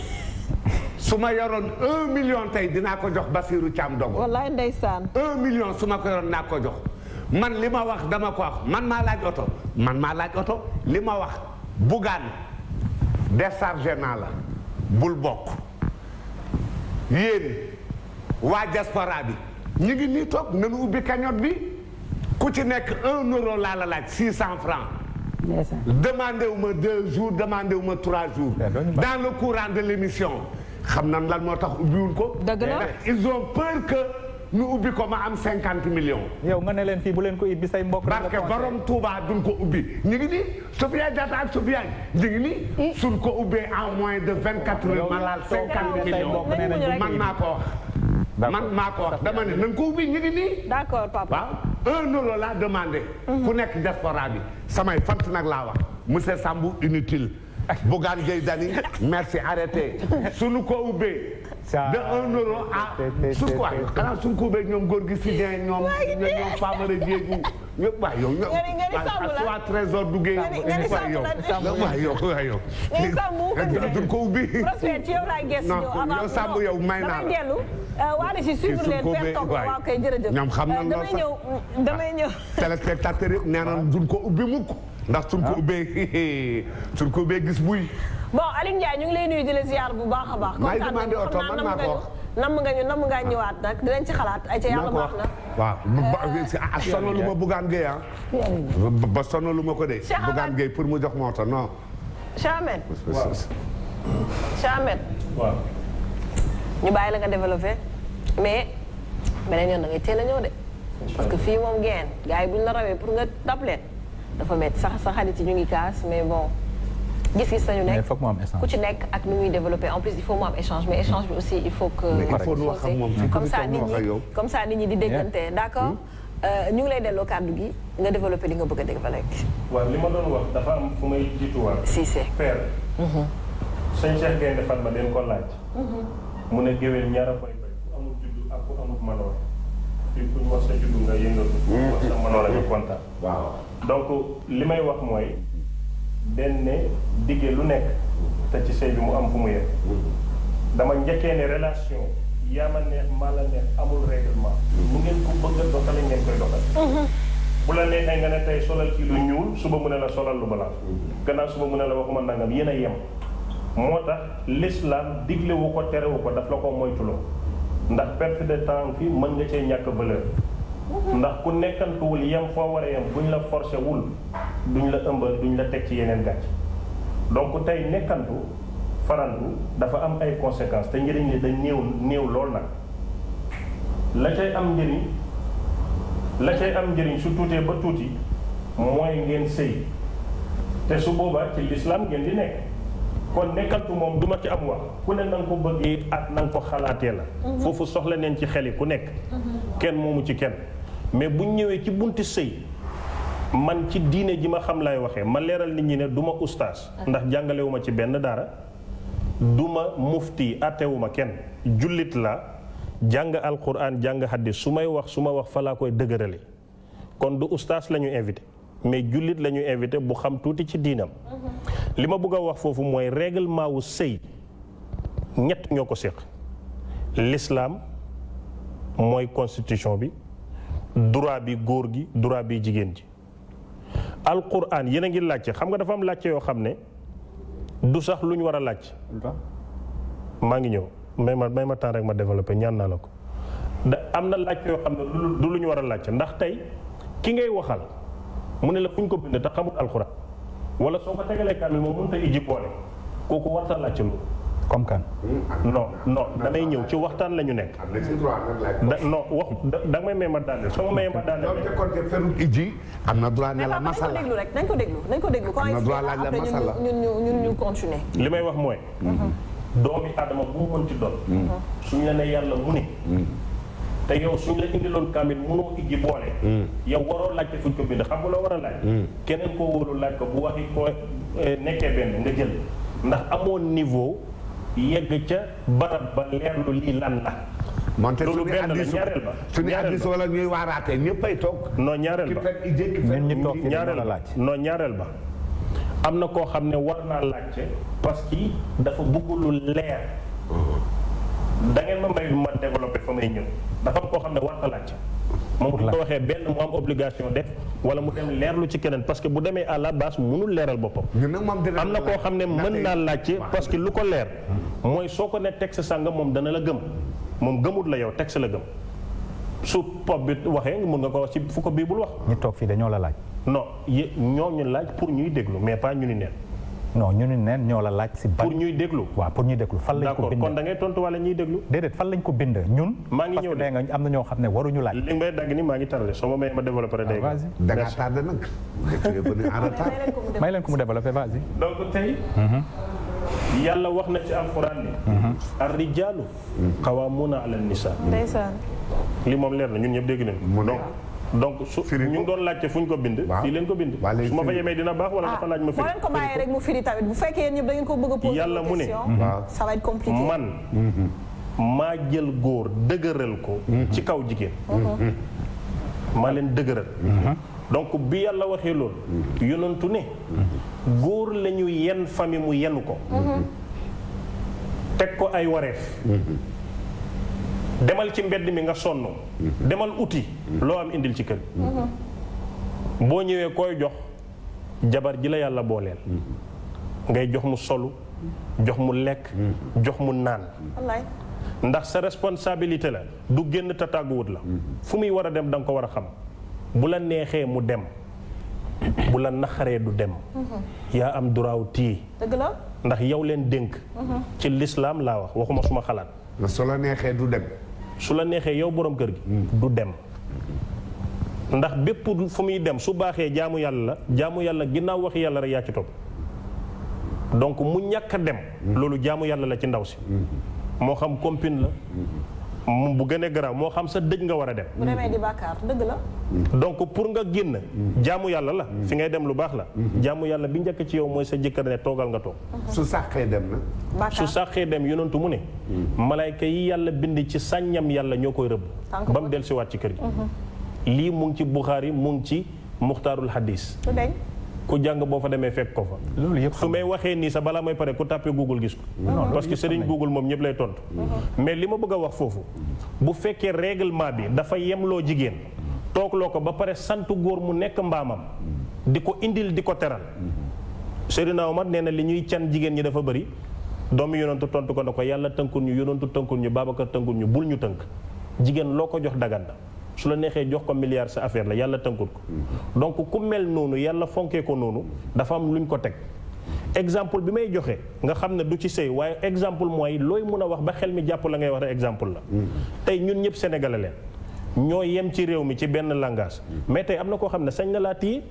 Suma ma 1 million tay dina ko jox Basirou Thiam Dogo. Wallahi ndeysaan. 1 million suma ko yoroon naa ko jox man li wax dama ko wax man ma laaj auto. man ma laaj auto. li wax bugaan déchargé naa bul bok. Yene waa diaspora bi ñu ngi nii toog nañu ubbi cagnotte bi ku ci nek 1 euro la la laaj 600 cent francs demandé wu ma deux jours demandé wu ma trois jours eh, dans le courant de l'émission xam nan lan motax tax ubbiwul ko dëgg la eh, ils ont peur que ñu ubbi ko ma am 50 millions yow nga ne len fi bu len ko ubbi say mbokk barke borom Touba duñ ko ubbi ñu ngi nii Sofia Diatta ak Sofia ñu ngi nii eh. suñ ko ubbee en moins de 24 heures ma laal cinquante millions man naa ko wax man maa ko wax dama ne nan ko ubbi ñu ngi nii. d'accord papa waaw un euro laa demandé. Mhm. ku nekk diaspora bi samay fant nag laa wax monsieur Sambou inutile. Bougane Gueye Dany merci arrêté suñu ko ubbee de un euro à su quoi xanaa suñu ko ubbee ñoom góor gi si den ñoom ñoom Famara Diédhiou ñëpp waay yow ñëpp waa trésor du géey waay yow waay yow waay yow duñ ko ubbi yow sàmm yow may naa la waa si suivre leen per toog waaw kay jërëjëf ñoom xam na euh, loolu damay ñëw ah, téléspectateur yëpp nee na duñ ko ubbi mukk ndax ah. suñ ko ubbee gis buy. bon Alioune Ndiaye ñu ngi lay nuyu la ziar bu baax a baax. kontaan nañu xam naa ci xalaat. ay ca yàlla baax na waaw ba sonal lu ma Bougane ah. ba sonal lu ma ko de. Bougane Gueye pour mu jox mooto non. Chamet waaw. Chamet. waaw. la nga développé mais beneen yoon da ngay teel a ñëw de. parce que fi moom geen gars yi buñ rawee pour nga dab dafa métti sax sa yi ñu ngi kaas mais bon gis-gis sañu nekk ku ci nekk ak nu muy développer en plus il faut mu am échange mais échange bi aussi il faut que mm. comme ça nit ñi comme ça nit ñi di déggante d'accord mm. euh, ñu ngi lay delloo kàddu gi nga développer li nga bëgg a développé waaw li ma doon wax dafa am fu may war si si père mm-hmm. sëñ Cheikh Gaynde Fatma den ko laaj mm-hmm. mu ne géwél ñaara koy bay ku amul juddu ak ku amul manoor fii ku hmm. ñu wax sa juddu nga donc li may wax mooy. den ne diggee lu nekk. te ci sëy mu am fu mu yem. Hmm. relation yaa ma neex maa la neex amul règlement. Hmm. mu ngeen ko a doxale ngeen koy doxal. bu la neexee nga ne tey solal ci lu ñuul suba mu a la solal lu balaa. gannaaw suba mu ne la waxuma nangam yéen a yem. moo tax l'islam la wu ko terewu ko daf la ko moytuloo. ndax perte de temps fii mën nga cee ñàkk valeur ndax ku nekkantuwul yem foo war a yem buñ la forcé wul duñ la ëmbal duñ la teg ci yeneen gàcc donc tey nekkantu farandu dafa am ay conséquence te njëriñ li dañ néew néew lool nag la cay am njëriñ la cay am njëriñ su tuutee ba tuuti mooy ngeen sëy te su boobaa ci lislaam ngeen di nekk kon nekkantu moom du ma ci am wax ku ne na ko bëggee ak na nga ko xalaatee la mhm. foofu soxla neen ci xel yi ku nekk mhm. kenn moomu ci kenn mais buñ ñëwee ci bunti sëy man ci diine ji ma xam lay waxee ma leeral nit ñi ne duma ma ustaas mhm. ndax jàngalewu ma ci benn dara duma mufti attewu ma kenn jullit la jàng alquran jàng xaddis su may wax su ma wax fa laa koy dëgërale kon du ustaas la ñu invité mais jullit la ñu invité bu xam tuuti ci diinam mhm. li ma bëgg a wax foofu mooy règlement wu sëy ñett ñoo ko séq l'islam mooy constitution bi droit bi góor gi droit bi jigéen ji alquran yéen a ngi laajte xam nga dafa am laajte yoo xam ne du sax lu ñu war a laaj maa ngi ñëw may ma may ma temps rek ma développé ñaan naa la ko da am na laajte yoo xam ne du lu war a laajte ndax tey ki ngay waxal mu ne la fu ñu ko bind te xamut alxuraan wala soo ko tegalee kaamil moom mënut a ijji boole kooku warta laaj ci lu comme kan. non non damay ñëw ci waxtaan la ñu nekk. non wax da may may ma daaneel soo ma mayee ma daaneel. am na droit ne la masala nañ ko déglu rek nañ ko déglu nañ ko déglu. am na droit laaj la masala ñun ñun ñu continuer. li may wax mooy. doomi Adama bu mu mën ci doon. suñu la ne yàlla mu ni te yow suñ la indiloon kaamil mënoo ijji boole. Hmm. yow waroo laajte fuñ ko bind xam nga loo war a laaj. Hmm. keneen koo wóolu laaj ko bu waxi ko eh, nekkee benn nga jël ndax amoon niveau yegg ca barab ba leerlu lii lan la. moonte suñu addisu ñaareel ba suñu addisu wala ñuy waaraatee toog. non ñaareel ba ñun ñi toog ñaareel la ñaareel ba. am na koo xam ne war naa laajte parce que dafa bëgg lu leer. Hmm. da ngeen ma may ma développé fa may ñëw. dafa am koo xam ne war na laaj moom bu ko waxee benn mu am obligation de wala mu dem leerlu ci keneen parce que bu demee à la base mënul leeral boppam am na koo xam ne mën naa laajte parce que lu ko leer mooy soo ko ne texte sàngam moom dana la gëm moom gëmut la yow texte la gëm su pop bi waxee mën nga ko wax ci fu ko bii bul wax ñu toog fii dañoo la laaj non ñoo ñu laaj pour ñuy déglu mais pas ñu ni neen non ñu ne neen ñoo la laaj si ban. pour ñuy déglu waaw pour ñuy déglu fan lañ ko bind kon da ngay tontu wala ñuy déglu déedéet fan lañ ko bind ñun maa ngi ñëw de nga am na ñoo xam ne waruñu laaj li ngay dagg ni maa ngi tardé soo ma may ma développé rek ah, da nga tardé nag may leen ko mu développé vas-y donc tey mhm. yàlla wax na ci alxuraan ni mhm. ar rijaalu mhm. qawaamuuna ala nisaa li moom leer na ñun ñëpp dégg nañ donc donc su ñu ngi doon laajte fu ñu ko bind fii leen ko bind su ma fa yemee dina baax wala dafa laaj ma firi ah, leen ko bàyyee rek mu firi bu fekkee yéen ñëpp da ko bëgg a poser yàlla mu ne ça va être compliqué man mhm. maa jël góor dëgëral ko mhm. ci kaw jigéen mhm. maa leen dëgëral donc bi yàlla waxee loolu yonantu ne góor la yenn famille mu yenn ko teg ko ay wareef demal ci mbedd mi nga sonn mhm. demal uti mhm. loo am indil ci kër mhm. boo ñëwee koy jox jabar ji la yàlla booleel ngay jox mu solu jox mu lekk jox mu naan ndax sa responsabilité la du génn te tàgguwut la fu muy war a dem danga ko war a xam bu la neexee mu dem bu la naxaree du dem yaa am duraaw tii ndax yow leen dénk ci lislaam laa wax waxuma suma xalaat su la neexee du dem su la neexee yow borom kër gi mm. du dem ndax bépp fu muy dem su baaxee jaamu yàlla la jaamu yàlla ginnaaw waxi yàlla rek yaa ci topp donc mu ñàkk dem mm. loolu jaamu yàlla la ci ndaw si mm. moo xam compine la bu gënee garaaw moo xam sa dëj nga war a dem. bu demee di bàkkaar dëgg la. donc pour nga génn. jaamu yàlla la. fi ngay dem lu baax la. jaamu yàlla bi njëkk ci yow mooy sa jëkkër ne toogal nga toog. su sàqee dem na. su sàqee dem yonantu mu ne. malayka yi yàlla bind ci sàññam yàlla ñoo koy rëbb. ba mu dellusiwaat ci kër gi. Mhm. lii mu ngi ci Buxaari mu ngi ci Muxtaarul Hadis. ku jàng boo fa demee fekk ko fa. loolu yëpp su may waxee nii sa balaa may pare ku tàppee Google gis ko. parce que Google moom ñëpp lay tontu. Mhm. mais li ma bëgg a wax foofu bu fekkee règlement bi dafa yemloo jigéen loo ko ba pare sant góor mu nekk mbaamam di ko indil di ko teral mhm. Seydina Omar nee na li ñuy can jigéen ñi dafa bëri doomu yonantu tontu ko na ko yàlla tënkul ñu yonantu tënkul ñu Babacar tënkul ñu bul ñu tënk jigéen loo ko jox dagan su la neexee jox ko milliard sa affaire la yàlla tënkul ko mm-hmm. donc ku mel noonu yàlla fonkee ko noonu dafa am lu ñu ko teg exemple bi may joxe nga xam ne du ci sëy waaye exemple mooy looy mun a wax ba xel mi jàpp la ngay wax a exemple la mm-hmm. tey ñun ñëpp sénégalais leen ñoo yem ci réew mi ci benn langage mm-hmm. mais tey am na koo xam ne sañ na laa téye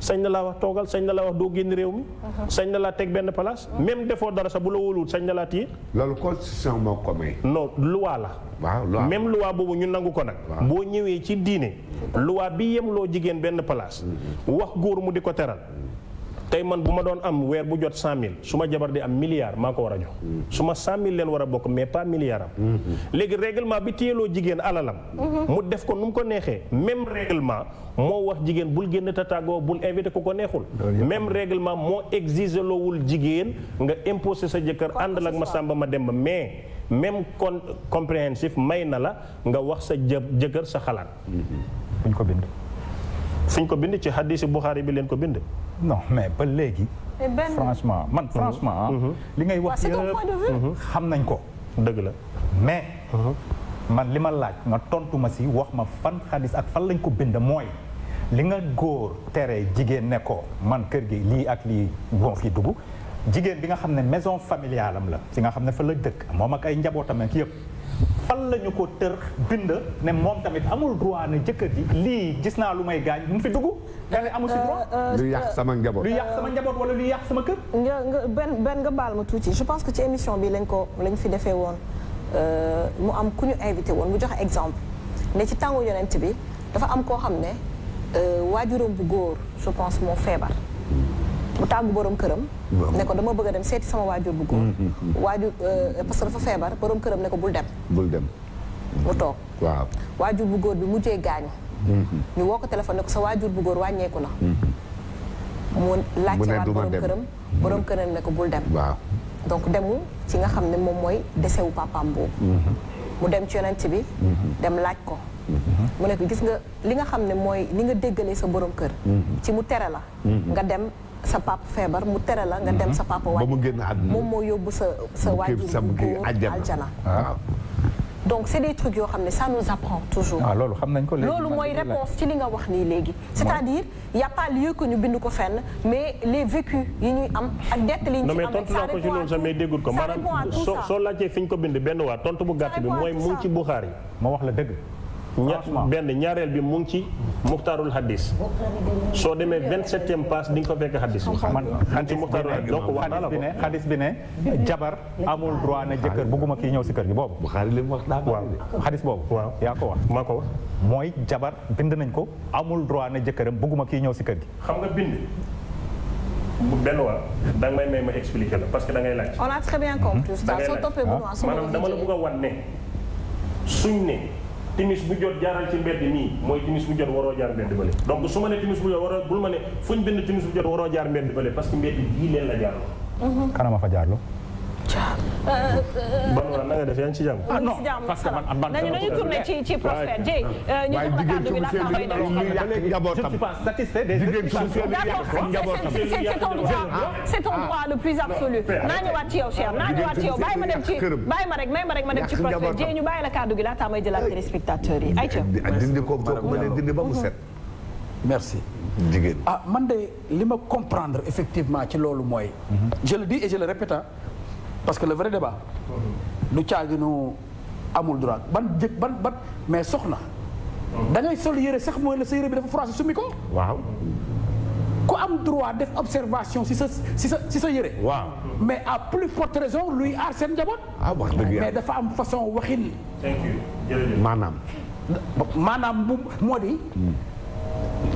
sañ na laa wax toogal sañ na laa wax doo génn réew mi. Uh-huh. sañ na laa teg benn place. même defoo dara sa bu la wóoluwul sañ na laa téye. loolu constitution moo ko may. non loi la. waaw loi même loi boobu ñu nangu ko nag. boo ñëwee ci diine. luwaa bi yem loo jigéen benn place. Mm-hmm. wax góor mu di ko teral. tey man bu ma doon am weer bu jot cent mille su ma jabar di am milliard maa ko war a jox su ma cent leen war a bokk mais pas milliard am léegi réglement bi téyeloo jigéen alalam mu def ko nu mu ko neexee même réglement moo wax jigéen bul génn tatàggoo bul invité ku ko neexul même règlement moo exige loowul jigéen nga imposé sa jëkkër àndal ak ma sàmba ma dem demba mais même kon compréhensif may na la nga wax sa jë jëkkër sa xalaat. dañ ko bind. fuñ ko bind ci hadisi Buxaari bi leen ko bind. non mais ba léegi. franchement man franchement. Ah, mhm. li ngay wax yëpp mhm. xam nañ ko. dëgg la mais. Mhm. man li ma laaj nga tontu ma si wax ma fan xadis ak fan lañ ko bind mooy li nga góor tere jigéen ne ko man kër gi lii ak lii bon fii dugg jigéen bi nga xam ne maison familiale am la si nga xam ne fa la dëkk moom ak ay njabootam ak yëpp. fan la ñu ko tër bind ne moom tamit amul droit ne jëkkër ji lii gis naa lu may gaañ mu fi dugg nga ne amul si euh, droit euh, lu yàq euh, sama njaboot lu yàq sama wala lu sama kër nga nga benn benn nga baal ma tuuti je pense que ci émission bi lañ ko lañ fi defee woon mu am ku ñu invité woon mu joxe exemple ne ci tàngu yonent bi dafa am koo xam ne waajuram bu góor je pense moo feebar mu tàggu boroom këram. ne ko dama bëgg a dem seeti sama waajur bu góor. Mm-hmm. waajur euh, parce que dafa feebar borom këram ne ko bul dem. bul dem. mu toog. waaw waajur bu góor bi mujjee gaañu. Mm-hmm. ñu woo ko téléphone ne ko sa waajur bu góor wàññeeku na. Mm-hmm. mu laajte waat borom këram borom këram ne ko bul dem. waaw donc demu ci nga xam ne moom mooy desewu papaam boobu. mu dem ci yonent bi. dem laaj ko. mu ne ko gis nga li nga xam ne mooy li nga déggalee sa borom kër. ci mu tere la. nga dem sa papa feebar mu tere la nga dem mhm. sa papa waaj moom moo yóbbu sa sa waajur bu góor aljana ah. donc c'est des trucs yo xamné ça nous apprend toujours ah, lolu xam nañ ko lolu moy réponse ci li nga wax ni légui c'est-à-dire il y a pas lieu que ñu bind ko fenn mais les vécus yi ñuy am ak dett li ñu am non mais tontu naa ko ci loolu sax mais ko maanaam soo laajtee fiñ ko bind ben wa tontu bu gatt bi moy mu ci bukhari yi ma wax la dëgg ña benn ñaareel bi mu ngi ci muxtaarul hadis soo demee vingt septième passe di nga ko fekk hadis man ci muxtaarul hadis donc wax la ko hadis bi ne jabar amul droit ne jëkkër bugguma kii ñëw si kër gi boobu waaw hadis boobu waaw yaa ko wax maa ko mooy jabar bind nañ ko amul droit ne jëkkëram bugguma kii ñëw si kër gi xam nga bind bu benn waa da nga may may ma expliquer la parce que da ngay laaj on a très bien compris ah. maanaam dama la bëgg a wan ne suñ ne timis bu jot jaaral ci mbedd nii mooy timis bu jot waroo jaar mbedd bële donc su ma ne timis bu jot waroo bul ma ne fuñ bind timis bu jot waroo jaar mbedd bële parce que mbedd yii leen la jaarloo. kanama fa jaarloo. Banora na nga def yaa ngi ci jàmm. ah non parce que man am ban dama ko tourné ci ci djé euh ñu jox la kàddu bi la xam ne je suis pas satisfait des c'est ton droit le plus ah. absolu. nañu ñëwaat ci yow cher nañu ñëwaat ci yow bàyyi ma dem ci bàyyi ma rek may ma rek ma dem ci prospère djé ñu bay la kàddu gi laataa may jëlaat spectateur yi ay ayca. dindi ko ma ne dindi ba mu set. Mm-hmm. merci. jigéen ah man de lima comprendre effectivement ci lolu moy mm-hmm. je le dis et je le répète hein parce que le vrai débat du caaginu amul droit ban ban ban mais soxna da ngay sol yéré sax moy le sa bi dafa froissé summi ko waaw ku am droit def observation si sa si sa si sa yére waaw mais à plus forte raison lui arsène seen ah wax dëgg yàlla mais dafa am façon waxine thank waxin manam manam bu modi di hmm.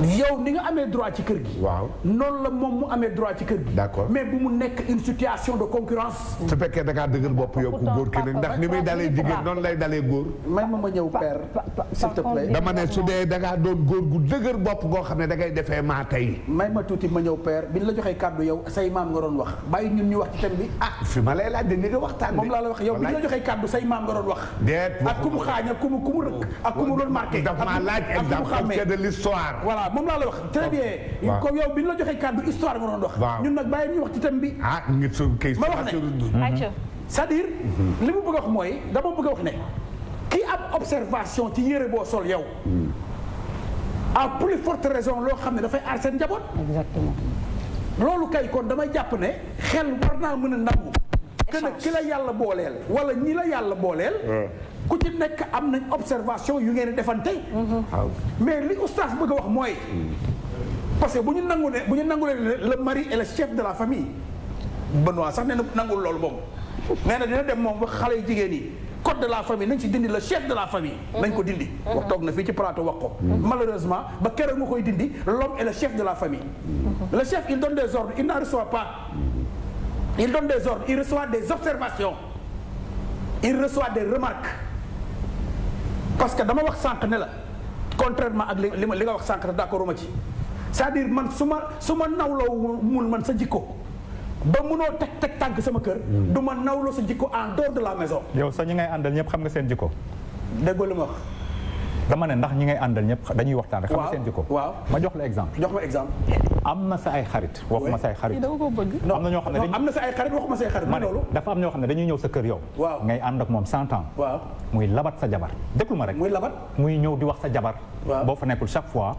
yow ni nga amee droit ci kër gi. waaw noonu la moom mu amee droit ci kër gi. d'accord mais bu mu nekk une situation de concurrence. su fekkee da ngaa dëgër bopp yow ku góor ki ndax ni muy dalee jigéen noonu lay dalee góor. may ma ma ñëw dama ne su dee da ngaa doon góor gu dëgër bopp goo xam ne da ngay defee maa tey. may ma tuuti ma ñëw père bi ñu la joxee kàddu yow say maam nga doon wax bàyyi ñun ñu wax ci thème bi ah. ma laaj de ni nga waxtaan moom laa la wax yow bi la wax. déet ak ku mu xaañ ak ku mu ku mu rëkk ak ku mu doon histoire. voilà moom laa la wax. très bien comme yow bi ñu la joxee kàddu histoire nga doon wax. ñun nag bàyyi ñu wax ci thème bi. ah ngi kay. ma wax ne mhm. c'est-à-dire. Mhm. li mu bëgg a wax mooy dama bëgg a wax ne. kii am observation ci yére boo sol yow. Mhm. à plus forte raison loo xam ne dafay aar njaboot. exactement. loolu kay kon damay jàpp ne xel war naa mën a nangu. échange que ki la yàlla booleel. wala ñii la yàlla booleel. ku ci nekk am nañ observation yu ngeen defante mm-hmm. mais li oustaz bëgg a wax mooy parce que bu ñu nangu ne bu ñu nangu ne le mari est le chef de la famille Benoît sax ne na nangul loolu moom nee na dina dem moom wax xale yu jigéen yi code de la famille nañ ci dindi la chef de la famille mm-hmm. nañ ko dindi mm-hmm. wax toog na fii ci plateau wax ko malheureusement ba keroog nga koy dindi l'homme est le chef de la famille le chef il donne des ordres il n'en reçoit pas il donne des ordres il reçoit des observations il reçoit des remarques parce que dama wax sànq ne la contrairement ak li li nga wax sànq ne d'accord ma ci c'est-à-dire man su ma su ma nawloo mul man sa jikko ba munoo teg teg tànk sama kër. Mm. du ma nawloo sa jikko en dehors de la maison. yow sax ñi ngay àndal ñëpp xam nga seen jikko. déggoo li ma wax. dama ne ndax ñi ngay andal ñep dañuy waxtaan rek xam seen jikko waaw ma jox la exemple jox ma exemple amna sa ay xarit waxuma sa ay xarit amna ño xamne amna sa ay xarit waxuma sa ay xarit ma ne dafa am ño xamne dañuy ñew sa kër yow ngay and ak mom 100 ans waaw muy labat sa jabar déglu ma rek muy labat muy ñew di wax sa jabar bo fa nekul chaque fois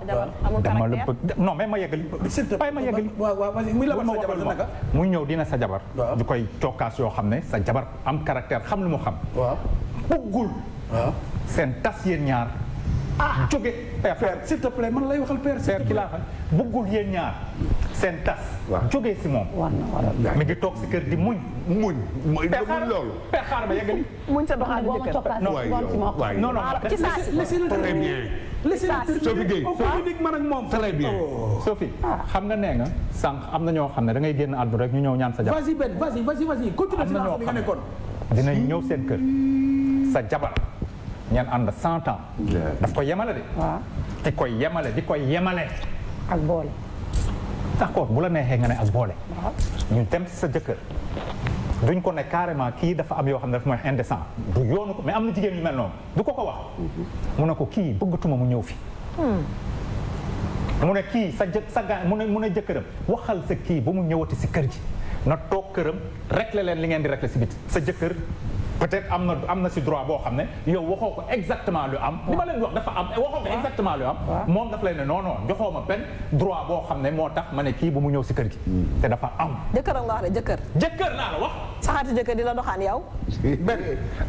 dama le bëgg non mais ma yegal yeggali bàyyi ma yegal waaw waaw muy labat sa jabar naka muy ñew dina sa jabar di koy cokkaas yo xamne sa jabar am caractère xam lu mu xam waaw bugul sen tas yeen ñaar ah jóge père s'il te plaît man lay waxal père père ki laa xam bëggul yéen ñaar seen tas jógee si moom mi ngi toog si kër di muñ muñ loolu père xaar ba yeggali muñ sa doxal jëkkër non non laissez le terminer laissez le terminer man ak moom très bien oh. Sophie ah. xam nga nee nga sànq am na ñoo xam ne da ngay génn àdduna rek ñu ñëw ñaan sa jabar vas-y Ben vas-y vas-y vas-y continue am na ñoo xam ne dinañ ñëw seen kër sa jabar ngeen ànd cent ans. daf ko yemale de. di koy yemale di koy yemale. ak boole. d'accord bu la neexee ne ak boole. ñu dem sa jëkkër. duñ ko ne carrément kii dafa am yoo xam ne dafa mooy indécent du yoonu ko am na jigéen yu mel noonu du ko ko wax mm-hmm. mu ne ko kii bëggatuma mu ñëw fi hmm. mu ne kii sa jëk sa gaa mu ne mu ne jëkkëram waxal sa kii bu mu ñëwati si kër gi na toog këram régler leen li ngeen di régler si sa jëkkër peut-être am na am na si droit boo xam ne yow waxoo ko exactement lu am. li ma leen wax dafa am waxoo ko exactement lu am. moom daf lay ne non non joxoo ma benn droit boo xam ne moo tax ma ne kii bu mu ñëw si kër gi. Hmm. te dafa am. jëkkër ak nga wax de jëkkër. jëkkër laa la wax. saxaati jëkkër di la doxaan yow. benn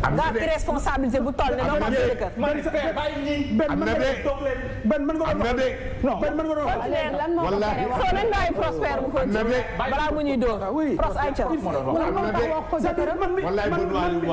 am na de responsabilité bu toll ne doo am sa jëkkër. man sa bàyyi ñii. benn mën nga doon toog leen. benn mën nga doon wax non benn mën nga doon wax. wallaahi soo leen bàyyi prospère bu ko ci balaa mu ñuy dóor. Ah pros ay ca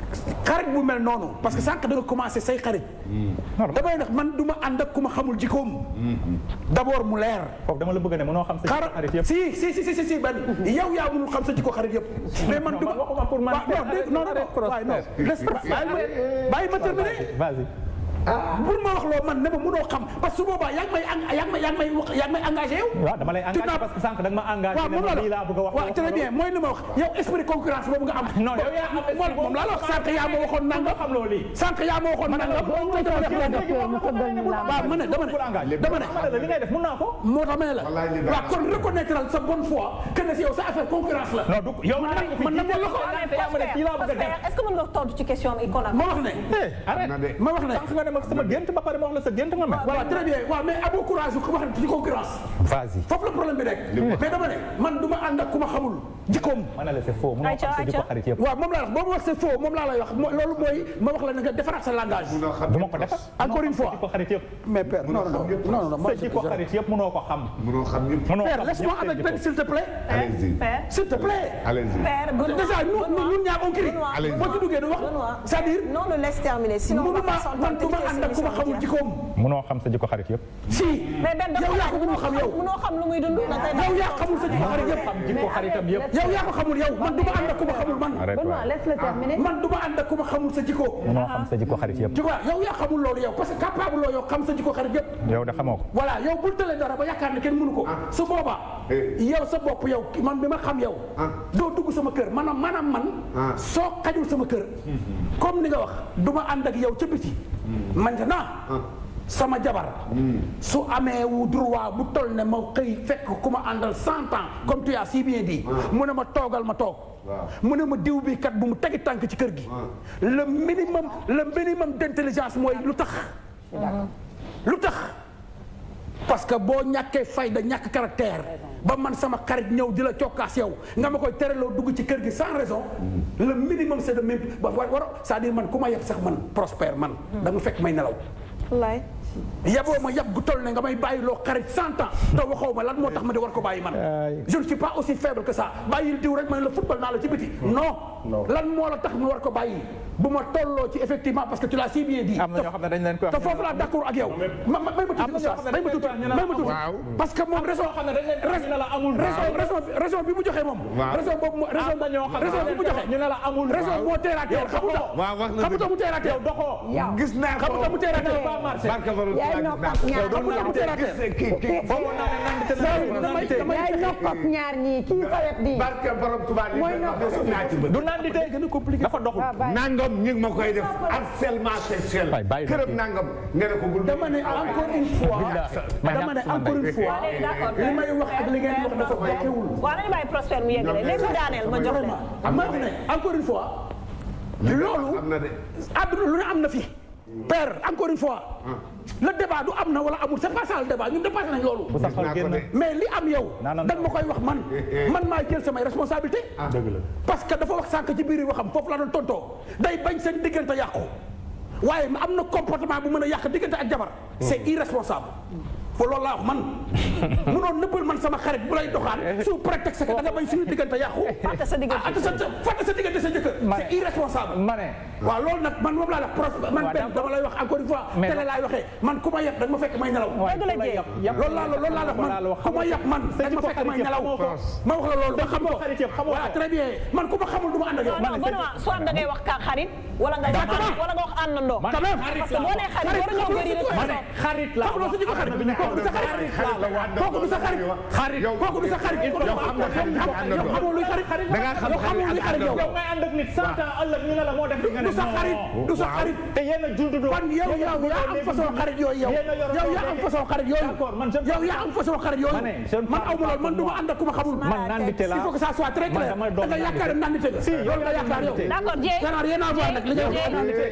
xarit bu mel noonu parce que sànq da nga commencé say xarit. Hmm. damay nag man du ma ànd ak ku ma xamul jikkoom. Hmm. d' abord mu leer. foofu dama la bëgg ne mënoo xam sa xarit yëpp si si si si si benn yow yaa mënul xam sa jikko xarit yëpp. mais man du ma waxuma pour man non non non non bàyyi ma terminer. pour ma wax loo man ne ma mënoo xam parce que su boobaa yaa ngi may yaa ngi may yaa ngi may yaa ngi may engagé yow. waaw dama lay engagé parce que sànq da nga ma engagé. waaw moom la la waaw très bien mooy li ma wax yow esprit concurrence boobu nga am. non yow yaa am esprit moom laa la wax sànq yaa ma waxoon nangam. xam loolu yi sànq yaa ma waxoon nangam. waaw ma ne dama ne dama ne. li ngay def mën naa ko. moo tax ma ne la waaw kon reconnaître sa bonne foi que ne si yow sa affaire concurrence la. non du yow man nag la ko. est-ce que mën nga tontu ci question bi kon ma wax ne ma wax ne pare ma sama gént ba pare ma wax la sa gént nga mel. voilà très bien waaw mais amoo courage ku wax ci ko grâce. vas-y foofu la problème bi nekk. mais dama ne man du ma ànd ak ku ma xamul jikkoom. ma ne la c'est faux munoo xam sa jikko xarit yëpp. waaw moom laa wax boo ma wax c'est faux moom laa lay wax loolu mooy ma wax la ne nga defaraat sa langage. du ma ko defar encore une fois. mais père non non non non. sa jikko xarit yëpp munoo ko xam. munoo xam ñëpp munoo xam ñëpp père laisse-moi avec peine s'il te plaît. allez-y père s'il te plaît. allez-y père bu déjà ñun ñun ñaar on crie. allez-y boo ci duggee du wax c'est-à-dire. non non laisse terminer sinon. mënoo ànd xam sa jikko xarit yëpp. si yaa ko mënul xam yow. mënoo xam lu muy xamul sa jikko yëpp. jikko xaritam yëpp. yow ko xamul yow man du ma ànd ak ku ma xamul man. Ah. man du ànd ak ku ma xamul sa jikko. xarit yëpp. tu loo yow xam sa jikko xarit yëpp. yow da xamoo ko. voilà yow bul tële dara ba yaakaar ne kenn mënu ko. Ah. su boobaa eh. yow sa bopp yow man bi ma xam yow. Ah. doo dugg sama kër maanaam maanaam man. soo xajul sama kër. Hmm. comme ni nga wax du ma ànd ak yow ca biti Hmm. maintenant ah. sama jabar hmm. su amee wu droit bu toll ne ma xëy fekk ku ma àndal cent ans comme tu as si bien dit ah. mu ne ma toogal ma toog mu ne ma diw bi kat bu mu tegi tànk ci kër gi ah. le minimum le minimum d'intelligence mooy lu tax lu tax parce que boo ñàkkee fay da ñàkk caractère ba man sama xarit ñëw di la cokkaas yow nga ma koy tereloo dugg ci kër gi sans raison. Mm-hmm. le minimum se de même ba war c'est-à-dire man ku ma yeb sax man prospère man. Mm. da fekk may nelaw. wallaay. yaboo ma yab gu toll tax ma di war ko man je ne suis pas aussi faible que ça bàyyil diw rek ma la football naa la ci biti la tax ma war ko bàyyi bu ma tolloo ci effectivement parce tu l'as si bien dit am na ñoo xam may ma tuuti may may ma tuuti parce que moom raison mu joxe moom raison mu joxe ñu ne mu teeraat yow doxoo mu teeraat yow yaay nokk ak ñaar yaay ñaar ñii kii sawet di mooy nokk du naan di tey dafa doxul ah, nangam ñi ma koy def harcèlement sexuel kërëm nangam nga ne ko bul dama ne encore une fois dama ne encore une fois li may wax ak li ngeen wax dafa bokkewul waaw dañu bàyyi prospère mu yeggale léegi mu daaneel ma jox leen ma ne encore une fois loolu àdduna lu ne am na fi père encore une fois. le débat du am na wala amul c'est pas ça le débat ñun dépassé nañ loolu. mais li am yow. da nga ma koy wax man eh, eh. man maa jël samay responsabilité ah. parce que dafa wax sànq ci biir waxam foofu la doon tontoo day bañ seen diggante yàqu waaye am na comportement bu mën a yàq diggante ak jabar c'est irresponsable. fa loolu laa wax man munoon nëbbal man sama xarit bu lay doxaan sous prétexte que da nga bañ suñu diggante yàqu fàtte sa diggante sa jëkkër c'est irresponsable ma ne waaw loolu nag man moom laa la prof man benn dama lay wax encore une fois télé laay waxee man ku ma yàpp da nga ma fekk may nelaw loolu laa loolu laa la wax man ku ma yàpp man da nga ma fekk may nelaw ma wax la loolu ba xam ko waaw très bien man ku ma xamul du ma ànd ak yow soit da ngay wax ka xarit wala nga wala nga wax àndandoo parce que boo nee xarit waruñoo bëri rek xarit la kooku du sa xarit kooku du sa xarit xarit kooku du sa xarit yow xamoo luy xarit xarit yow xamoo luy xarit yow ngay ànd ak nit cent ans ëllëg ñu ne la moo def du sa xarit du sa xarit te yéen a judd kon yow yaa am façon xarit yooyu yow yow yaa am façon xarit yooyu yow yaa am façon xarit yooyu man aw ma loolu man du ma ànd ak ku ma xamul il faut que ça soit très clair da nga yaakaar nandite nga loolu nga yaakaar yow d'accord rien à voir nag li nga wax nandite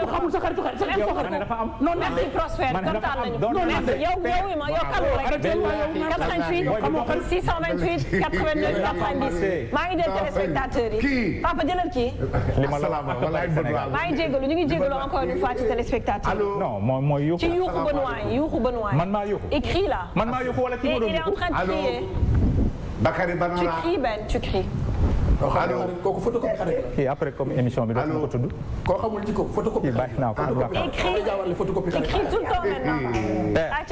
bu xamul sa xarit sa xarit non merci prospère comme tal lañu non merci yow il yow kan rek 88 628 89 90 maa ngi téléspectateurs yi papa dis Le qui? Les la wax Diego. ngi ñu encore une fois es téléspectateurs Allô non moi, moi Tu ci Yuhu Benoît Yuhu Benoît man Yuhu. yuuxu là man maa yuuxu wala kii est en train de crier Bakary Banana tu cries Ben tu cries allo kooku photocopie xarit la. kii après comme émission bi dootuma ko tudd. koo xamul ci ko photocopie. kii bàyyi naa ko du baax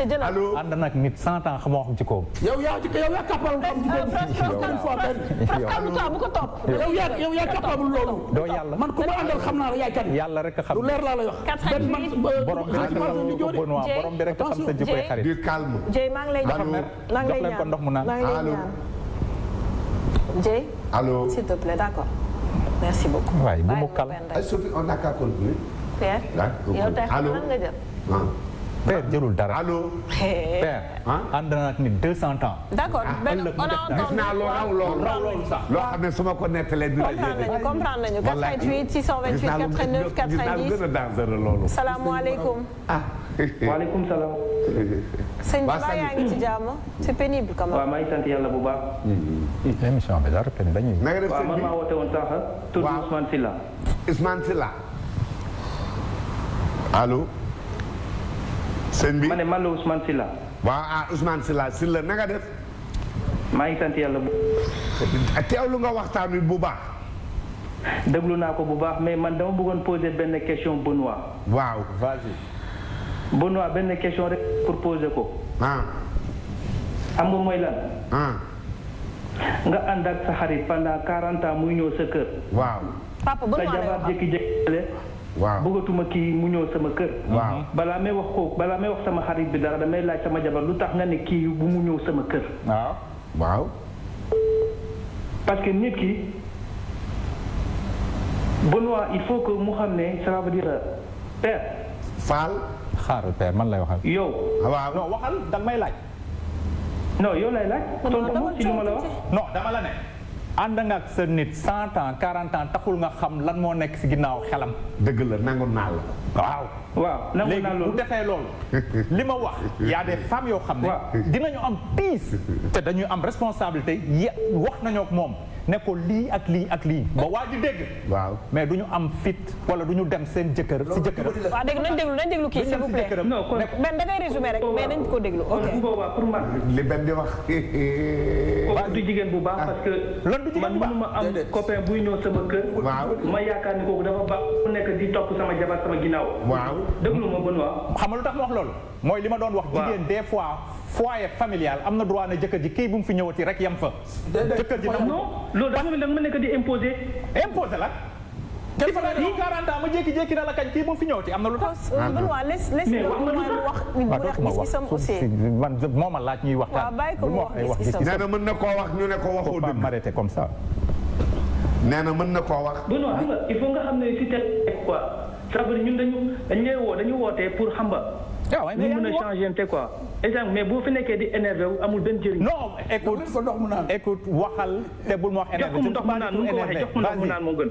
a. allo. ànd nag nit cent ans xamoo xam ci koom. yow yaa yow yaa capable xam ci koom. bu ko topp. yow yaa yow yaa capable loolu. doo yàlla man ku ma àndal xam naa la yaay kan. yàlla rek xam lu leer laa lay wax. borom bi rek borom bi rek xam sa jikkoy xarit. du calme. Jey maa ngi lay jox maa ngi lay ñaan jox leen ko ndox mu naan. Jey Allô S'il te plaît, d'accord. Merci beaucoup. Oui, beaucoup on n'a qu'à continuer père allo. père 200 hein? ans. d'accord ah, ben, on a entendu 88 628 89 90. Salamou a Salam c'est pénible quand même. Mm-hmm. allo. sëñ bi ma ne man la Ousmane Sylla. waaw ah Ousmane Sylla Sylla na nga def. maa ngi sant yàlla bu. Eh, teewlu nga wax wi bu baax. déglu naa ko bu baax mais man dama bëggoon poser benn question Benoît. waaw vas benn question rek pour poser ko. ah. am nga mooy lan. ah. nga ànd ak sa xarit pendant 40 ans muy ñëw sa kër. waaw. papa Benoît la jabar jékki-jékki waaw bëggatuma kii mu ñëw sama kër. waaw balaa may wax kooku balaa may wax sama xarit bi dara damay laaj sama jabar lu tax nga ne kii bu mu ñëw sama kër. waaw waaw. parce que nit ki Benoît il faut que mu xam ne ça veut dire père. Fall. xaaral père man lay waxal. yow. Ah, waaw non waxal danga may laaj. non yow lay laaj. tontu ma si wax. non dama la ne. ànd nga ak sa cent ans quarante ans taxul nga xam lan moo nekk si ginnaaw xelam. dëgg la nangu naa la. waaw. waaw nangu naa loolu léegi bu defee li ma wax y a des yoo xam ne. dinañu am piis te dañuy am responsabilité wax nañoo ak moom. ne lii ak lii ak lii ba waa ji dégg. waaw mais du ñu am fit wala du ñu dem seen jëkkër si jëkkëram. waaw dégg nañ déglu nañ déglu kii s'il vous plaît. non kon mais da ngay résumé rek mais nañ ko déglu. ok pour man. li benn di wax. du jigéen bu baax ah. parce que. loolu du jigéen bu baax man mënu ma am copain buy ñëw sama kër. waaw ma yaakaar ni kooku dafa baax ku nekk di topp sama jabar sama ginnaaw. waaw déglu ma bon waaw. xam nga lu tax ma wax loolu. mooy li ma doon wax. jigéen des fois foyer familial am na droit ne jëkkër ji kii bu mu fi ñëwati rek yam fa. jëkkër ji nangu non loolu dafa mel da nga mën nekk di imposer. imposer la. te fa lay doon 40 ans ma jékki-jékki na la kañ kii bu mu fi ñëwati am na lu tax. Euh, ah, Benoît laisse laisse le wax mu wax gis-gisam aussi. man moo ma laaj ñuy waxtaan. waaw bàyyi ko mu wax gis-gisam nee na mën na koo wax ñu ne ko waxoo dëgg. m'arrêter comme ça. nee na mën na koo wax. Benoît il faut nga xam ne si teg quoi. ça veut dire ñun dañu dañu lay woo dañu wootee pour xam nga. waaw ah waaye ñu mën a changer quoi. exemple mais boo fi nekkee di énervé wu amul benn jëriñ. non écoute écoute waxal te bul ma wax énervé. jox ko mu naan mu ko waxee jox ko mu naan moo gën.